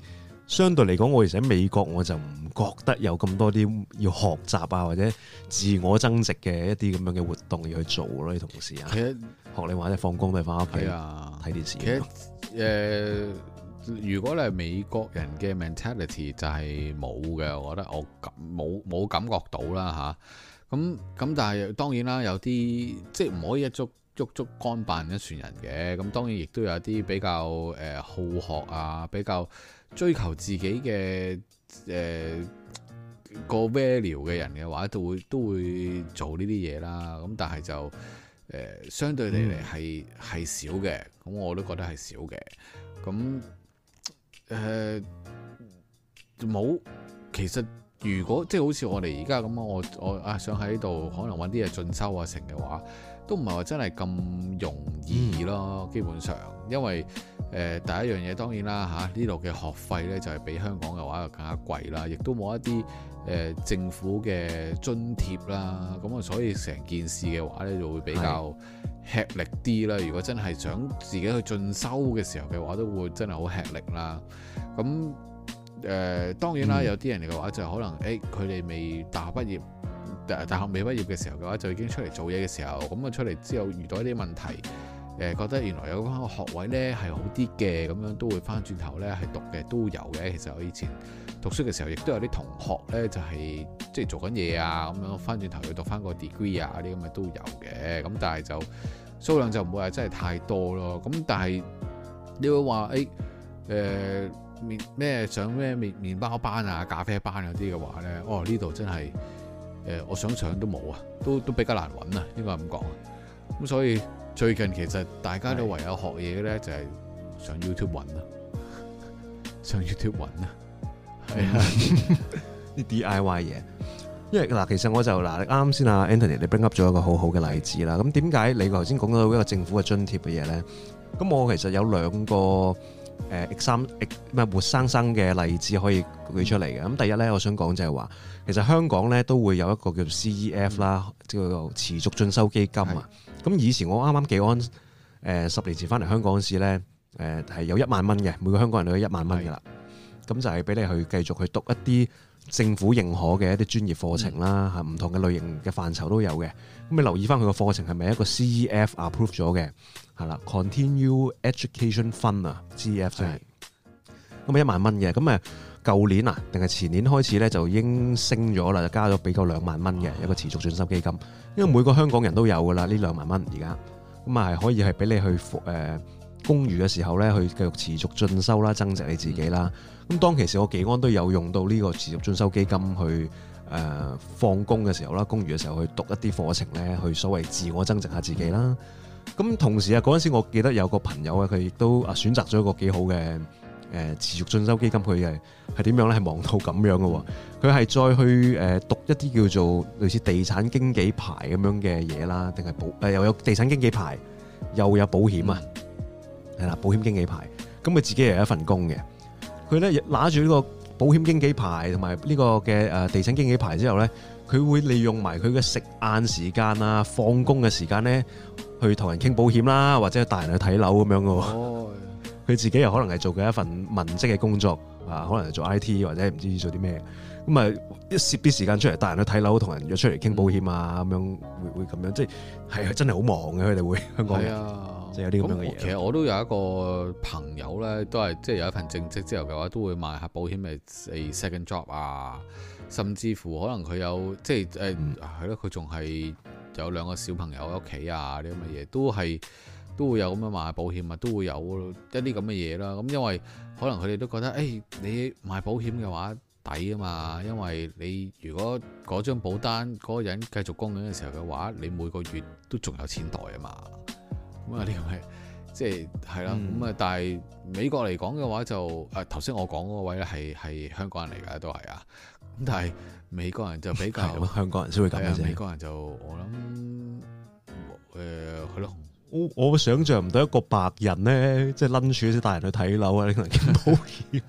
相對嚟講，我其實喺美國，我就唔覺得有咁多啲要學習啊，或者自我增值嘅一啲咁樣嘅活動要去做咯。同時啊，其實學你話齋放工都係翻屋企啊，睇電視。其實、呃、如果你係美國人嘅 mentality，就係冇嘅。我覺得我冇冇感覺到啦吓咁咁，但係當然啦，有啲即係唔可以一足足足幹扮一船人嘅。咁當然亦都有啲比較誒好、呃、學啊，比較。追求自己嘅誒、呃、個 value 嘅人嘅話，就會都會做呢啲嘢啦。咁但係就誒、呃，相對你嚟係係少嘅。咁我都覺得係少嘅。咁誒冇，其實如果即係好似我哋而家咁，我我啊想喺度可能搵啲嘢進修啊成嘅話，都唔係話真係咁容易咯，基本上，因為誒、呃、第一樣嘢當然啦嚇，呢度嘅學費呢就係比香港嘅話更加貴啦，亦都冇一啲誒、呃、政府嘅津貼啦，咁啊所以成件事嘅話呢就會比較吃力啲啦。的如果真係想自己去進修嘅時候嘅話，都會真係好吃力啦。咁誒、呃、當然啦，嗯、有啲人嚟嘅話就可能誒佢哋未大學畢業。大大學未畢業嘅時候嘅話，就已經出嚟做嘢嘅時候，咁啊出嚟之後遇到一啲問題，誒、呃、覺得原來有返個學位咧係好啲嘅，咁樣都會返轉頭咧係讀嘅都有嘅。其實我以前讀書嘅時候，亦都有啲同學咧就係即係做緊嘢啊，咁樣返轉頭去讀返個 degree 啊啲咁嘅都有嘅。咁但係就數量就唔會係真係太多咯。咁但係你會話誒誒咩上咩麵麵，麵包班啊咖啡班嗰啲嘅話咧，哦呢度真係～誒，我想上都冇啊，都都比較難揾啊，應該係咁講啊。咁所以最近其實大家都唯有學嘢嘅咧，就係上 YouTube 揾啦，係啊、 上 YouTube 揾啦，係啊啲 DIY 嘢。因為嗱，其實我就嗱，你啱先啊 Anthony，你 bring up 咗一個好好嘅例子啦。咁點解你頭先講到一個政府嘅津貼嘅嘢咧？咁我其實有兩個。誒生誒唔係活生生嘅例子可以舉出嚟嘅。咁第一咧，我想講就係話，其實香港咧都會有一個叫做 CEF 啦、嗯，即係個持續進修基金啊。咁以前我啱啱幾安誒十、呃、年前翻嚟香港嗰時咧，誒、呃、係有一萬蚊嘅，每個香港人都有一萬蚊㗎啦。咁就係俾你去繼續去讀一啲政府認可嘅一啲專業課程啦，唔、嗯、同嘅類型嘅範疇都有嘅。咁你留意翻佢個課程係咪一個 CEF approve 咗嘅？係啦 Continue Education Fund 啊，CEF 係。咁、就、啊、是、一萬蚊嘅，咁啊舊年啊，定係前年開始咧就已經升咗啦，就加咗比較兩萬蚊嘅一個持續進修基金。因為每個香港人都有㗎啦，呢兩萬蚊而家，咁啊係可以係俾你去、呃工餘嘅時候咧，去繼續持續進修啦，增值你自己啦。咁、嗯、當其時，我幾安都有用到呢個持續進修基金去誒、呃、放工嘅時候啦，公餘嘅時候去讀一啲課程咧，去所謂自我增值下自己啦。咁同時啊，嗰陣時我記得有個朋友啊，佢亦都啊選擇咗一個幾好嘅誒持續進修基金，佢嘅係點樣咧？係忙到咁樣嘅，佢係再去誒讀一啲叫做類似地產經紀牌咁樣嘅嘢啦，定係保誒、呃、又有地產經紀牌，又有保險啊？嗯係啦，保險經紀牌，咁佢自己係一份工嘅。佢咧拿住呢個保險經紀牌同埋呢個嘅誒地產經紀牌之後咧，佢會利用埋佢嘅食晏時間啊、放工嘅時間咧，去同人傾保險啦，或者帶人去睇樓咁樣嘅。佢、哦、自己又可能係做緊一份文職嘅工作啊，可能係做 I T 或者唔知做啲咩。咁啊，一攝啲時間出嚟帶人去睇樓，同人約出嚟傾保險啊，咁樣會會咁樣，即係係真係好忙嘅。佢哋會香港人咁其實我都有一個朋友呢，都係即係有一份正職之後嘅話，都會賣下保險誒誒，second job 啊，甚至乎可能佢有即係誒係咯，佢仲係有兩個小朋友喺屋企啊啲咁嘅嘢，都係都會有咁樣賣保險啊，都會有一啲咁嘅嘢啦。咁因為可能佢哋都覺得誒、欸，你賣保險嘅話抵啊嘛，因為你如果嗰張保單嗰個人繼續供緊嘅時候嘅話，你每個月都仲有錢袋啊嘛。咁啊呢個係即係係啦，咁啊但係美國嚟講嘅話就，誒頭先我講嗰位咧係係香港人嚟㗎都係啊，咁但係美國人就比較香港人先會咁嘅啫。美國人就我諗誒係咯。呃我我想象唔到一個白人咧，即係拎住啲大人去睇樓啊，拎嚟做保險。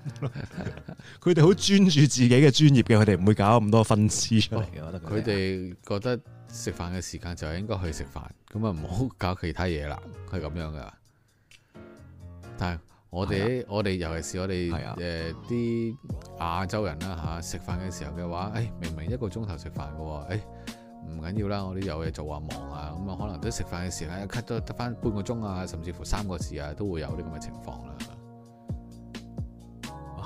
佢哋好專注自己嘅專業嘅，佢哋唔會搞咁多分支出嚟嘅。佢哋覺得食飯嘅時間就應該去食飯，咁啊唔好搞其他嘢啦，係咁樣噶。但係我哋我哋，尤其是我哋誒啲亞洲人啦嚇，食飯嘅時候嘅話，誒、哎、明明一個鐘頭食飯嘅喎，哎唔緊要啦，我都有嘢做啊，忙啊，咁啊，可能都食飯嘅時間 cut 都得翻半個鐘啊，甚至乎三個字啊，都會有啲咁嘅情況啦。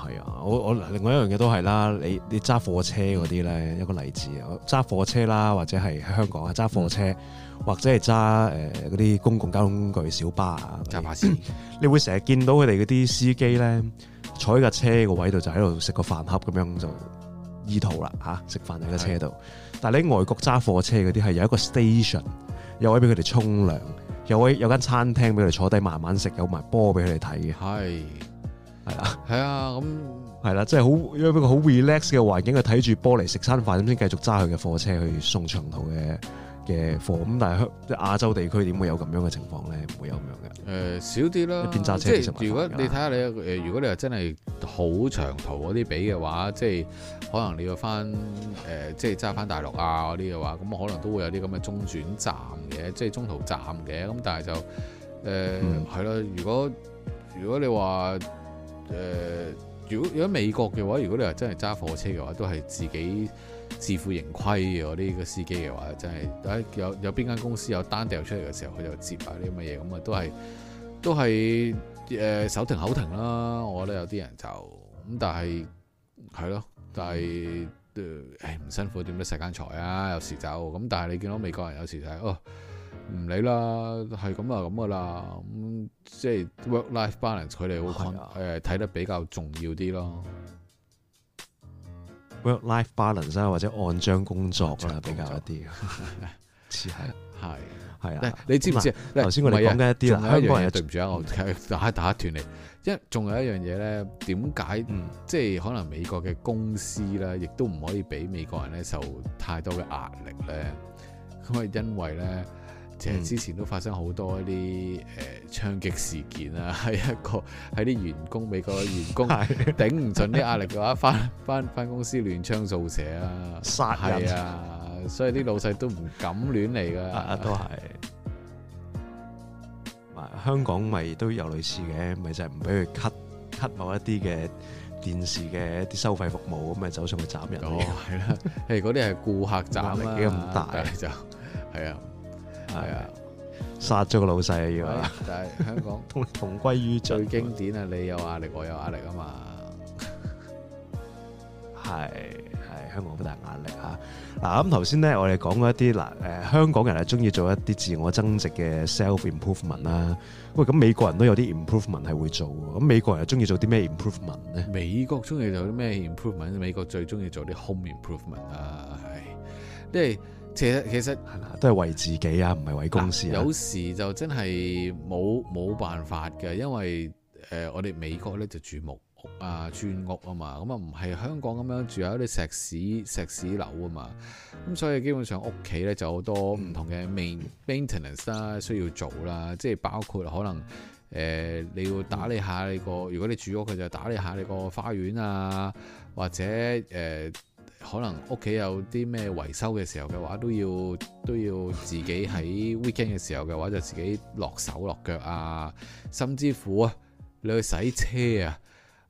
係啊，我我另外一樣嘢都係啦，你你揸貨車嗰啲咧，一個例子啊，揸貨車啦，或者係喺香港啊揸貨車，嗯、或者係揸誒嗰啲公共交通工具小巴啊，揸巴士，你會成日見到佢哋嗰啲司機咧，坐喺架車個位度就喺度食個飯盒咁樣就醫肚啦嚇，食、啊、飯喺架車度。但你喺外國揸貨車嗰啲係有一個 station，又可以俾佢哋沖涼，又會有，可以有一間餐廳俾佢哋坐低慢慢食，有埋波俾佢哋睇嘅。係係啦，係啊，咁係啦，即係好因為一個好 relax 嘅環境去睇住波嚟食餐飯，咁先繼續揸佢嘅貨車去送長途嘅。嘅貨咁，但係即係亞洲地區點會有咁樣嘅情況咧？唔會有咁樣嘅。誒少啲咯，即係如果你睇下你誒，如果你話、呃、真係好長途嗰啲比嘅話，即係可能你要翻誒，即係揸翻大陸啊嗰啲嘅話，咁可能都會有啲咁嘅中轉站嘅，即係中途站嘅。咁但係就誒係咯。如果如果你話誒、呃，如果如果美國嘅話，如果你話真係揸貨車嘅話，都係自己。自負盈虧嘅呢個司機嘅話，真係誒有有邊間公司有單掉出嚟嘅時候，佢就接啊啲咁嘅嘢，咁啊都係都係誒、呃、手停口停啦。我覺得有啲人就咁，但係係咯，但係誒唔辛苦點都世間財啊，有時就咁。但係你見到美國人有時就係哦唔理啦，係咁啊咁噶啦，即係 work life balance 佢哋好誒睇得比較重要啲咯。work-life balance 啦，或者按章工作啦，比較一啲似係係係啊！你知唔知頭先我哋講緊一啲啦？香港人對唔住啊，我打打斷你。一仲有一樣嘢咧，點解、嗯、即係可能美國嘅公司咧，亦都唔可以俾美國人咧受太多嘅壓力咧？因為因為咧。其實之前都發生好多一啲誒槍擊事件啊，係、嗯、一個喺啲員工，美國嘅員工頂唔準啲壓力嘅話，翻翻翻公司亂槍掃射啊，殺人啊，所以啲老細都唔敢亂嚟噶，都係。香港咪都有類似嘅，咪就係唔俾佢 cut cut 某一啲嘅電視嘅一啲收費服務咁，咪走上去斬人囉。哦，係啦、啊，譬如嗰啲係顧客斬、力、幾，咁大就係啊。係啊，殺咗個老細啊，以為啊！但係香港 同歸於盡，最經典啊！你有壓力，我有壓力， 力啊嘛。係係香港好大壓力吓。嗱咁頭先咧，我哋講一啲嗱，誒，香港人係中意做一啲自我增值嘅 self improvement 啦，啊嗯。喂，咁美國人都有啲 improvement 係會做。咁美國人係中意做啲咩 improvement 咧？美國中意做啲咩 improvement？美國最中意做啲 home improvement 啊，係即係。其實其實都係為自己啊，唔係為公司啊。有時就真係冇冇辦法嘅，因為誒、呃，我哋美國咧就住木屋啊、磚屋啊嘛，咁啊唔係香港咁樣住喺啲石屎石屎樓啊嘛，咁、嗯、所以基本上屋企咧就好多唔同嘅 main, maintenance 啦，需要做啦，即係包括可能誒、呃、你要打理下你個、嗯，如果你住屋嘅，就打理下你個花園啊，或者誒。呃可能屋企有啲咩維修嘅時候嘅話，都要都要自己喺 weekend 嘅時候嘅話，就自己落手落腳啊，甚至乎啊，你去洗車啊，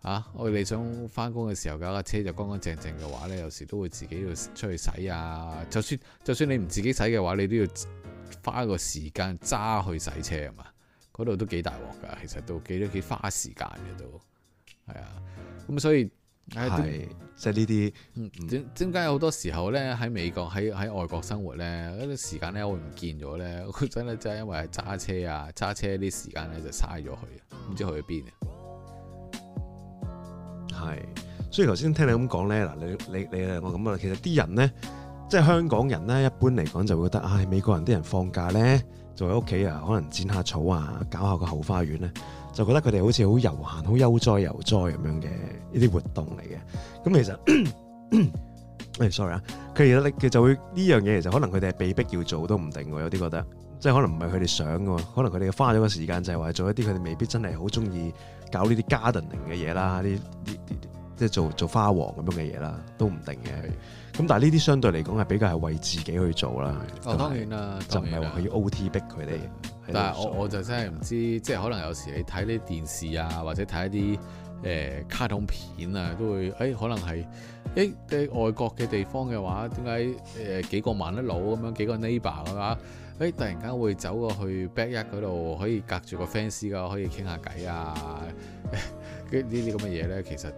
啊，我哋想返工嘅時候，架架車就乾乾淨淨嘅話呢，有時都會自己要出去洗啊。就算就算你唔自己洗嘅話，你都要花個時間揸去洗車啊嘛。嗰度都幾大鑊噶，其實都幾多幾花時間嘅都係啊。咁所以。係，即係呢啲，點點解好多時候咧，喺美國喺喺外國生活咧，啲時間咧會唔見咗咧，我真係就係因為揸車啊，揸車啲時間咧就嘥咗佢，唔知去邊啊。係，所以頭先聽你咁講咧，嗱，你你你我咁啊，其實啲人咧，即係香港人咧，一般嚟講就會覺得，唉、哎，美國人啲人放假咧，就喺屋企啊，可能剪下草啊，搞下個後花園咧，啊。就覺得佢哋好似好悠閒、好悠哉、悠哉咁樣嘅一啲活動嚟嘅。咁其實，sorry 啊，佢而家就會呢樣嘢，其實可能佢哋係被逼要做都唔定喎。有啲覺得即係可能唔係佢哋想嘅，可能佢哋花咗個時間就係話做一啲佢哋未必真係好中意搞呢啲 gardening 嘅嘢啦，啲即係做做花王咁樣嘅嘢啦，都唔定嘅。咁但係呢啲相對嚟講係比較係為自己去做啦，當然啦，就唔係話佢要 OT 逼佢哋。但係我我就真係唔知，即係可能有時你睇啲電視啊，或者睇一啲誒、呃、卡通片啊，都會誒、欸、可能係誒啲外國嘅地方嘅話，點解誒幾個萬一佬咁樣幾個 neighbour 嘅、啊、話、欸，突然間會走過去 backyard 嗰度，可以隔住個 fans 噶，可以傾下偈啊，欸、這些東西呢啲咁嘅嘢咧，其實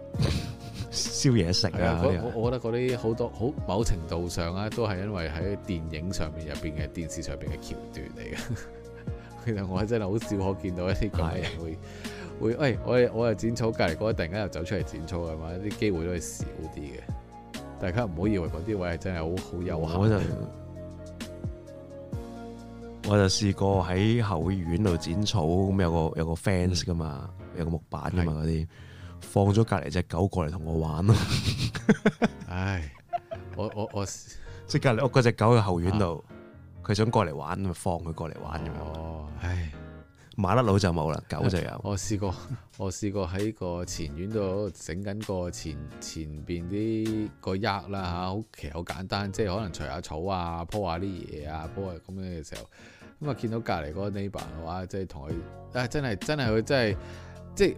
燒嘢 食啊，我我覺得嗰啲好多好某程度上咧、啊，都係因為喺電影上面入邊嘅電視上面嘅橋段嚟嘅。其實我真係好少可見到一啲怪人會會，喂、欸，我我又剪草隔籬嗰，突然間又走出嚟剪草係嘛，啲機會都係少啲嘅。大家唔好以為嗰啲位係真係好好悠閒。我就是、我就試過喺後院度剪草，咁有個有個 fans 噶嘛，嗯、有個木板噶嘛嗰啲，放咗隔籬隻狗過嚟同我玩咯。唉， 我我我即係隔籬屋嗰隻狗喺後院度。啊佢想過嚟玩，咪放佢過嚟玩咁、哦、樣。唉，馬粒佬就冇啦，狗就有。我試過，我試過喺個前院度整緊個前前邊啲個 yard 啦嚇，好其實好簡單，即係可能除下草啊、鋪下啲嘢啊、鋪下咁樣嘅時候，咁啊見到隔離嗰個 neighbor 嘅話，即係同佢，啊、哎、真係真係佢真係，即係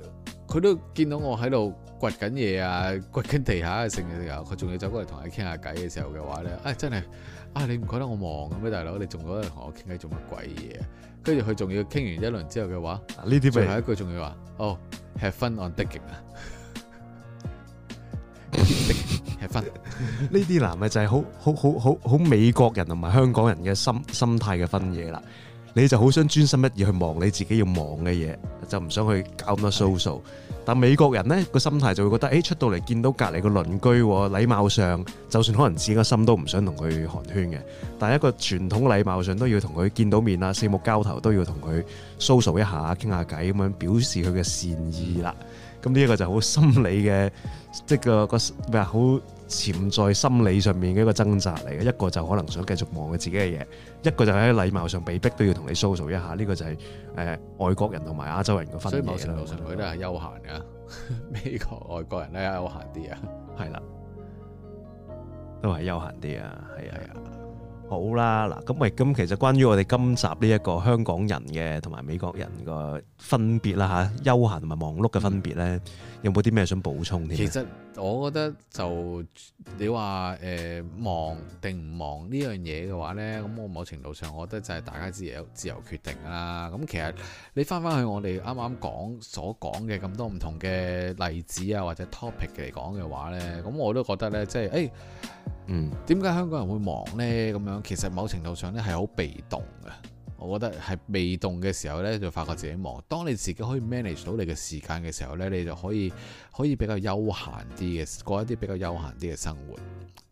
佢都見到我喺度掘緊嘢啊、掘緊地下嘅時候，佢仲要走過嚟同佢傾下偈嘅時候嘅話咧，啊、哎、真係～啊！你唔覺得我忙嘅咩，大佬？你仲覺得同我傾偈做乜鬼嘢？跟住佢仲要傾完一輪之後嘅話，呢啲咪最後一句仲要話，哦，have fun on digging 啊！Have fun，呢啲男嘅就係好好好好好美國人同埋香港人嘅心心態嘅分野啦。你就好想專心一意去忙你自己要忙嘅嘢，就唔想去搞咁多 social。但美國人呢個心態就會覺得，誒、欸、出到嚟見到隔離個鄰居，禮貌上就算可能自己個心都唔想同佢寒暄嘅，但係一個傳統禮貌上都要同佢見到面啦，四目交投都要同佢 social 一下傾下偈咁樣表示佢嘅善意啦。咁呢個就好心理嘅，即係個個咩好。潛在心理上面嘅一個掙扎嚟嘅，一個就可能想繼續望佢自己嘅嘢，一個就喺禮貌上被逼都要同你掃掃一下，呢個就係誒外國人同埋亞洲人嘅分別啦。所以某程度上佢都係休閒嘅，美國外國人咧休閒啲啊，係啦，都係休閒啲啊，係啊，係啊，好啦，嗱咁咪咁其實關於我哋今集呢一個香港人嘅同埋美國人個分別啦嚇，休閒同埋忙碌嘅分別咧，有冇啲咩想補充添？其實。我覺得就你話誒、呃、忙定唔忙呢樣嘢嘅話呢，咁我某程度上，我覺得就係大家自己自由決定啦。咁其實你翻翻去我哋啱啱講所講嘅咁多唔同嘅例子啊，或者 topic 嚟講嘅話呢，咁我都覺得呢、就係，即係誒，嗯，點解香港人會忙呢？咁樣其實某程度上呢係好被動嘅。我覺得係被動嘅時候呢，就發覺自己忙。當你自己可以 manage 到你嘅時間嘅時候呢，你就可以可以比較悠閒啲嘅過一啲比較悠閒啲嘅生活。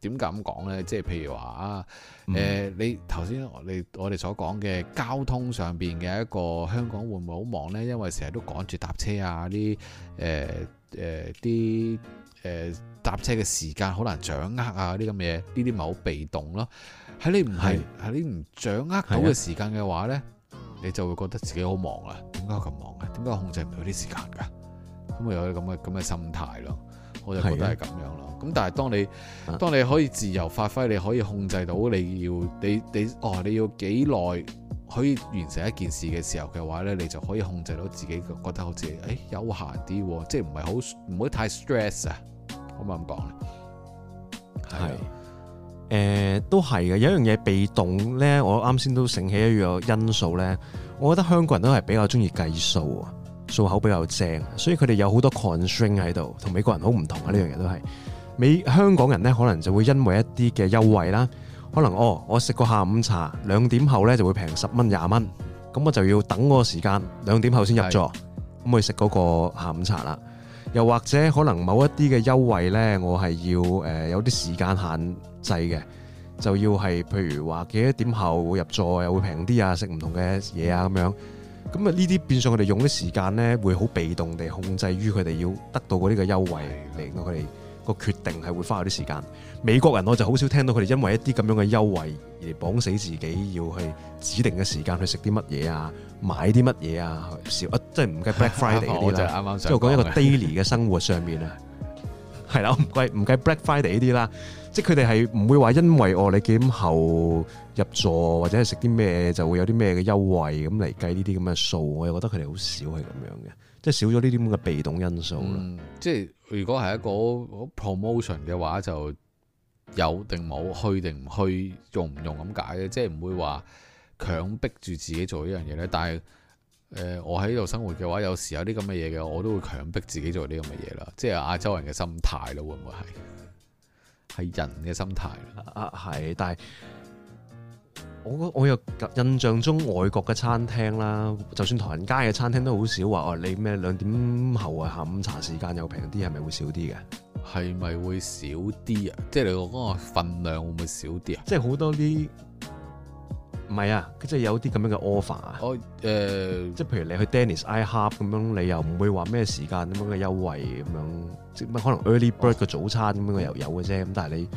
點咁講呢？即係譬如話啊，誒、嗯呃，你頭先我哋我哋所講嘅交通上邊嘅一個香港會唔會好忙呢？因為成日都趕住搭車啊，啲誒誒啲誒搭車嘅時間好難掌握啊，啲咁嘅嘢，呢啲咪好被動咯。喺你唔係喺你唔掌握到嘅時間嘅話呢，你就會覺得自己好忙啊！點解咁忙嘅？點解控制唔到啲時間㗎？咁咪有啲咁嘅咁嘅心態咯。我就覺得係咁樣咯。咁但係當你、啊、當你可以自由發揮，你可以控制到你要你你，你哦你要幾耐可以完成一件事嘅時候嘅話呢，你就可以控制到自己覺得好似誒悠閒啲，即係唔係好唔好太 stress 啊？可唔可以咁講呢？係。誒、呃、都係嘅，有一樣嘢被動呢。我啱先都醒起一樣因素呢。我覺得香港人都係比較中意計數啊，數口比較正，所以佢哋有好多 constraint 喺度，同美國人好唔同啊！呢樣嘢都係美香港人呢可能就會因為一啲嘅優惠啦，可能哦，我食個下午茶兩點後呢就會平十蚊廿蚊，咁我就要等嗰個時間兩點後先入座，咁去食嗰個下午茶啦。又或者可能某一啲嘅優惠呢，我係要誒有啲時間限制嘅，就要係譬如話幾多點後入座又會平啲啊，食唔同嘅嘢啊咁樣，咁啊呢啲變相佢哋用啲時間呢，會好被動地控制於佢哋要得到嗰啲嘅優惠令到佢哋個決定係會花咗啲時間。美國人我就好少聽到佢哋因為一啲咁樣嘅優惠而綁死自己，要去指定嘅時間去食啲乜嘢啊，買啲乜嘢啊少啊，即係唔計 Black Friday 嗰啲啦。即係講一個 daily 嘅生活上面啊，係啦，唔計唔計 Black Friday 呢啲啦，即係佢哋係唔會話因為我你幾點後入座或者係食啲咩就會有啲咩嘅優惠咁嚟計呢啲咁嘅數，我又覺得佢哋好少係咁樣嘅。即係少咗呢啲咁嘅被動因素啦、嗯。即係如果係一個 promotion 嘅話，就有定冇，去定唔去，用唔用咁解嘅。即係唔會話強迫住自己做呢樣嘢咧。但係誒，我喺度生活嘅話，有時有啲咁嘅嘢嘅，我都會強迫自己做啲咁嘅嘢啦。即係亞洲人嘅心態咯，會唔會係？係人嘅心態啊，係，但係。我我有印象中外國嘅餐廳啦，就算唐人街嘅餐廳都好少話，哦，你咩兩點後啊，下午茶時間又平啲，係咪會少啲嘅？係咪會少啲啊？即係你話嗰個份量會唔會少啲啊？Oh, uh, 即係好多啲唔係啊，即係有啲咁樣嘅 offer 啊。誒，即係譬如你去 Dennis I Hub 咁樣，你又唔會話咩時間咁樣嘅優惠咁樣，即係可能 early bird 個早餐咁、oh. 樣又有嘅啫。咁但係你。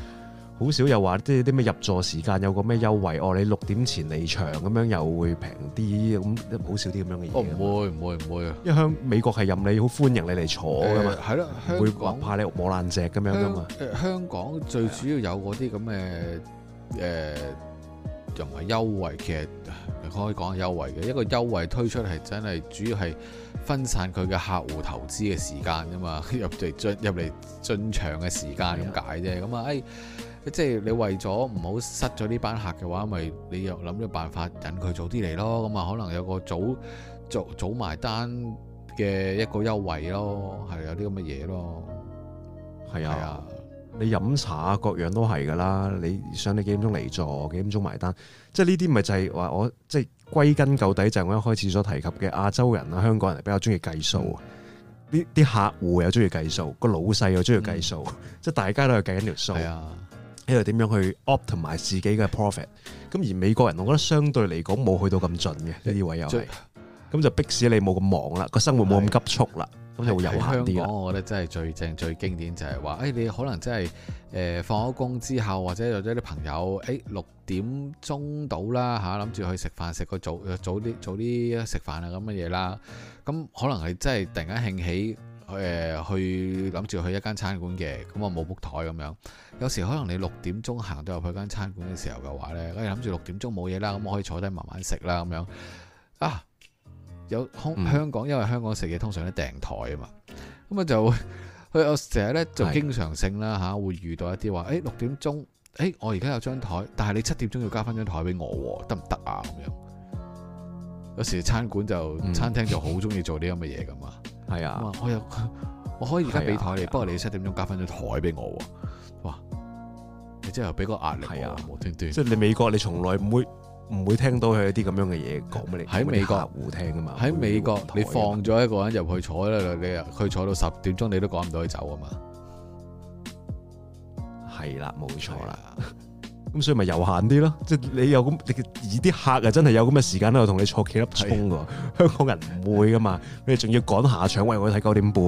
好少又話，即係啲咩入座時間有個咩優惠？哦，你六點前離場咁樣又會平啲，咁好少啲咁樣嘅嘢。哦，唔會唔會唔會，因為美國係任你好歡迎你嚟坐噶嘛。係、欸、咯，唔會話怕你冇爛隻咁樣噶嘛。香港最主要有嗰啲咁嘅誒，同埋、呃、優惠。其實你可以講下優惠嘅，一個優惠推出係真係主要係分散佢嘅客戶投資嘅時間㗎嘛，入嚟進入嚟進，進，進場嘅時間咁解啫。咁啊，誒。哎即係你為咗唔好失咗呢班客嘅話，咪你又諗咗辦法引佢早啲嚟咯。咁啊，可能有個早早早埋單嘅一個優惠咯，係有啲咁嘅嘢咯。係啊，係啊，你飲茶各樣都係噶啦。你想你幾點鐘嚟座，幾點鐘埋單，即係呢啲咪就係話我即係歸根究底就係我一開始所提及嘅亞洲人啊，香港人比較中意計數，啲、嗯、啲客戶又中意計數，個老細又中意計數，即係大家都係計緊條數。喺度點樣去 optimize 自己嘅 profit？咁而美國人，我覺得相對嚟講冇去到咁盡嘅呢啲位又係，咁就逼使你冇咁忙啦，個生活冇咁急促啦，咁係會有限啲。喺香港，我覺得真係最正、最經典就係、是、話，誒、哎，你可能真係誒、呃、放咗工之後，或者有咗啲朋友，誒六點鐘到啦嚇，諗住去食飯，食個早早啲早啲食飯啊咁嘅嘢啦。咁可能係真係突然間興起。誒去諗住去一間餐館嘅，咁我冇 book 台咁樣。有時可能你六點鐘行到入去間餐館嘅時候嘅話咧，你諗住六點鐘冇嘢啦，咁我可以坐低慢慢食啦咁樣。啊，有香香港、嗯，因為香港食嘢通常都訂台啊嘛，咁啊就佢我成日咧就經常性啦吓會遇到一啲話誒六點鐘，誒、欸欸、我而家有張台，但係你七點鐘要加翻張台俾我，得唔得啊咁樣？有時餐館就、嗯、餐廳就好中意做啲咁嘅嘢噶嘛。係啊，我有我可以而家俾台你，不過你七點鐘加翻張台俾我喎。哇，你真係俾個壓力我是啊，無端端。即、就、係、是、你美國你從，你從來唔會唔會聽到佢一啲咁樣嘅嘢講俾你。喺美國聽啊嘛，喺美國你放咗一個人入去坐咧，在你啊佢坐到十點鐘，你都趕唔到佢走啊嘛。係啦、啊，冇錯啦。是啊 咁所以咪悠閒啲咯，即係你有咁，你啲客啊真係有咁嘅時間喺度同你坐幾粒鐘㗎？香港人唔會噶嘛，你仲要趕下場，因我睇九點半，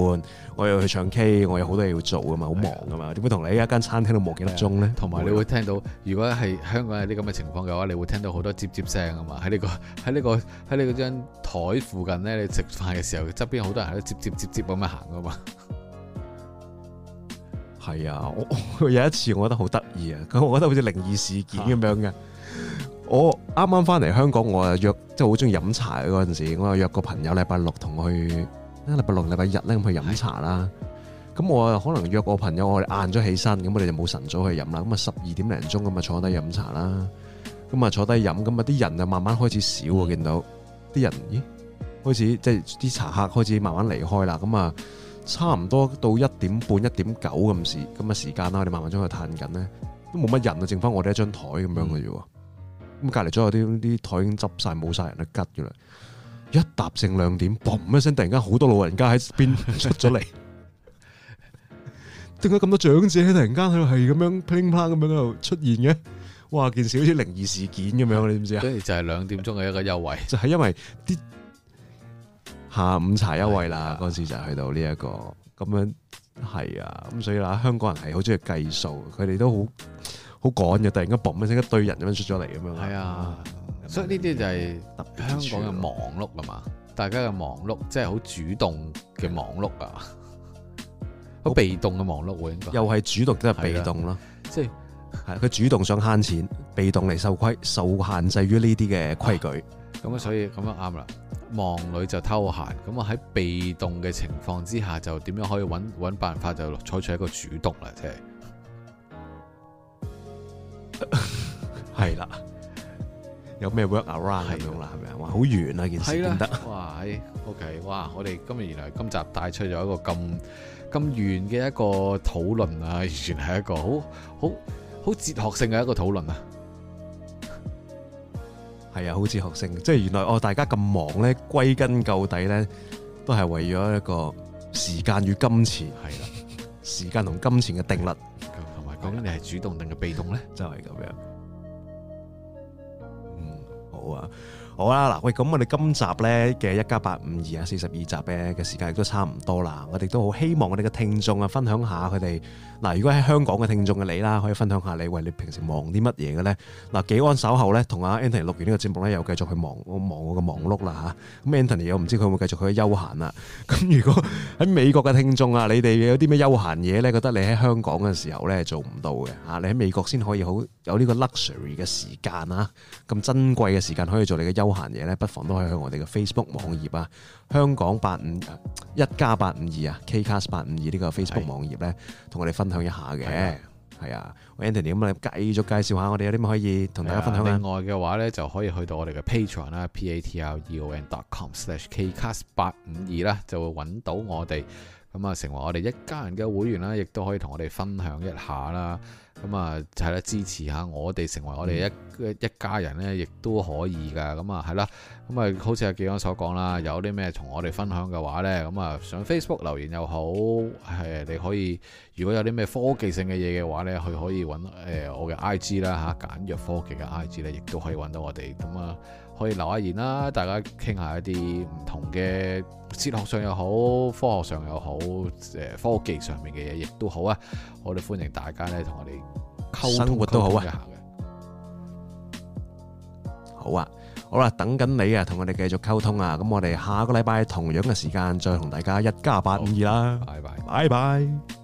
我又去唱 K，我有好多嘢要做噶嘛，好忙噶嘛，點會同你一間餐廳度冇幾粒鐘咧？同埋你會聽到，如果係香港有啲咁嘅情況嘅話，你會聽到好多接接聲啊嘛，喺呢個喺呢個喺你嗰張台附近咧，你食飯嘅時候側邊好多人喺度接接接接咁樣行噶嘛。係啊，我有一次我覺得好得意啊，咁我覺得好似靈異事件咁樣嘅、啊。我啱啱翻嚟香港，我啊約即係好中意飲茶嗰陣時，我啊約個朋友禮拜六同佢去，禮拜六禮拜日咧咁去飲茶啦。咁我可能約個朋友，我哋晏咗起身，咁我哋就冇晨早去飲啦。咁啊十二點零鐘咁啊坐低飲茶啦。咁啊坐低飲，咁啊啲人就慢慢開始少啊，見、嗯、到啲人，咦開始即係啲茶客開始慢慢離開啦。咁啊。差唔多到一點半一點九咁時咁啊時間啦，我哋慢慢將佢攤緊咧，都冇乜人啊，剩翻我哋一張台咁樣嘅啫喎。咁隔離咗有啲啲台已經執晒，冇晒人啦，吉嘅啦。一踏成兩點，嘣一聲，突然間好多老人家喺邊出咗嚟。點解咁多長者喺突然間喺度係咁樣噼里啪咁樣喺度出現嘅？哇！件事好似靈異事件咁樣，你知唔知啊？所以就係、是、兩點鐘嘅一個優惠，就係、是、因為啲。下午茶優惠啦，嗰時就去到呢、這、一個咁樣係啊，咁所以啦，香港人係好中意計數，佢、嗯、哋都好好趕，嘅，突然間嘣一聲，一堆人咁樣出咗嚟咁樣。係啊，所以呢啲就係香港嘅忙碌啊嘛，大家嘅忙碌即係好主動嘅忙碌啊，好被動嘅忙碌喎，應該又係主動即係被動咯，即係係佢主動想慳錢，被動嚟受規，受限制於呢啲嘅規矩。咁啊，所以咁樣啱啦。望女就偷閒，咁我喺被動嘅情況之下，就點樣可以揾揾辦法就採取一個主動啦，即係係啦，有咩 work around 咁樣啦，係咪啊？哇，好遠啊，件事先得。哇，OK，哇，我哋今日原來今集帶出咗一個咁咁遠嘅一個討論啊，完全係一個好好好哲學性嘅一個討論啊。係啊，好似學生，即係原來哦，大家咁忙咧，歸根究底咧，都係為咗一個時間與金錢，係啦，時間同金錢嘅定律，同埋講緊你係主動定係被動咧， 就係咁樣。嗯，好啊，好啦，啊，嗱，喂，咁我哋今集咧嘅一加八五二啊四十二集嘅時間亦都差唔多啦，我哋都好希望我哋嘅聽眾啊，分享一下佢哋。嗱，如果喺香港嘅聽眾嘅你啦，可以分享下你，餵你平時忙啲乜嘢嘅咧？嗱，幾安守後咧，同啊 Anthony 錄完呢個節目咧，又繼續去忙我忙我嘅忙碌啦嚇。咁 Anthony 又唔知佢會唔會繼續佢嘅休閒啊。咁如果喺美國嘅聽眾啊，你哋有啲咩休閒嘢咧？覺得你喺香港嘅時候咧做唔到嘅嚇，你喺美國先可以好有呢個 luxury 嘅時間啊，咁珍貴嘅時間可以做你嘅休閒嘢咧，不妨都可以去我哋嘅 Facebook 網頁啊。香港八五一加八五二啊 Kcast 八五二呢個 Facebook 網頁呢，同我哋分享一下嘅，係啊，Anthony 咁你繼續介紹一下我哋有啲乜可以同大家分享嘅。另外嘅話呢，就可以去到我哋嘅 Patreon 啦，P-A-T-R-E-O-N、dot com slash Kcast 八五二啦，就會揾到我哋，咁啊成為我哋一家人嘅會員啦，亦都可以同我哋分享一下啦。咁啊，係啦，支持下我哋成為我哋一、嗯、一家人咧，亦都可以㗎。咁啊，係啦，咁啊，好似阿建安所講啦，有啲咩同我哋分享嘅話咧，咁啊，上 Facebook 留言又好，誒，你可以如果有啲咩科技性嘅嘢嘅話咧，佢可以揾、呃、我嘅 IG 啦、啊、嚇簡約科技嘅 IG 咧，亦都可以揾到我哋。咁啊～可以留下言啦，大家傾下一啲唔同嘅哲學上又好，科學上又好，好，科技上面嘅嘢，亦都好啊！我哋歡迎大家咧同我哋溝通，生活都好啊！好啊，好啦，啊，等緊你啊，同我哋繼續溝通啊！咁我哋下個禮拜同樣嘅時間再同大家一加八五二啦，拜拜，拜拜。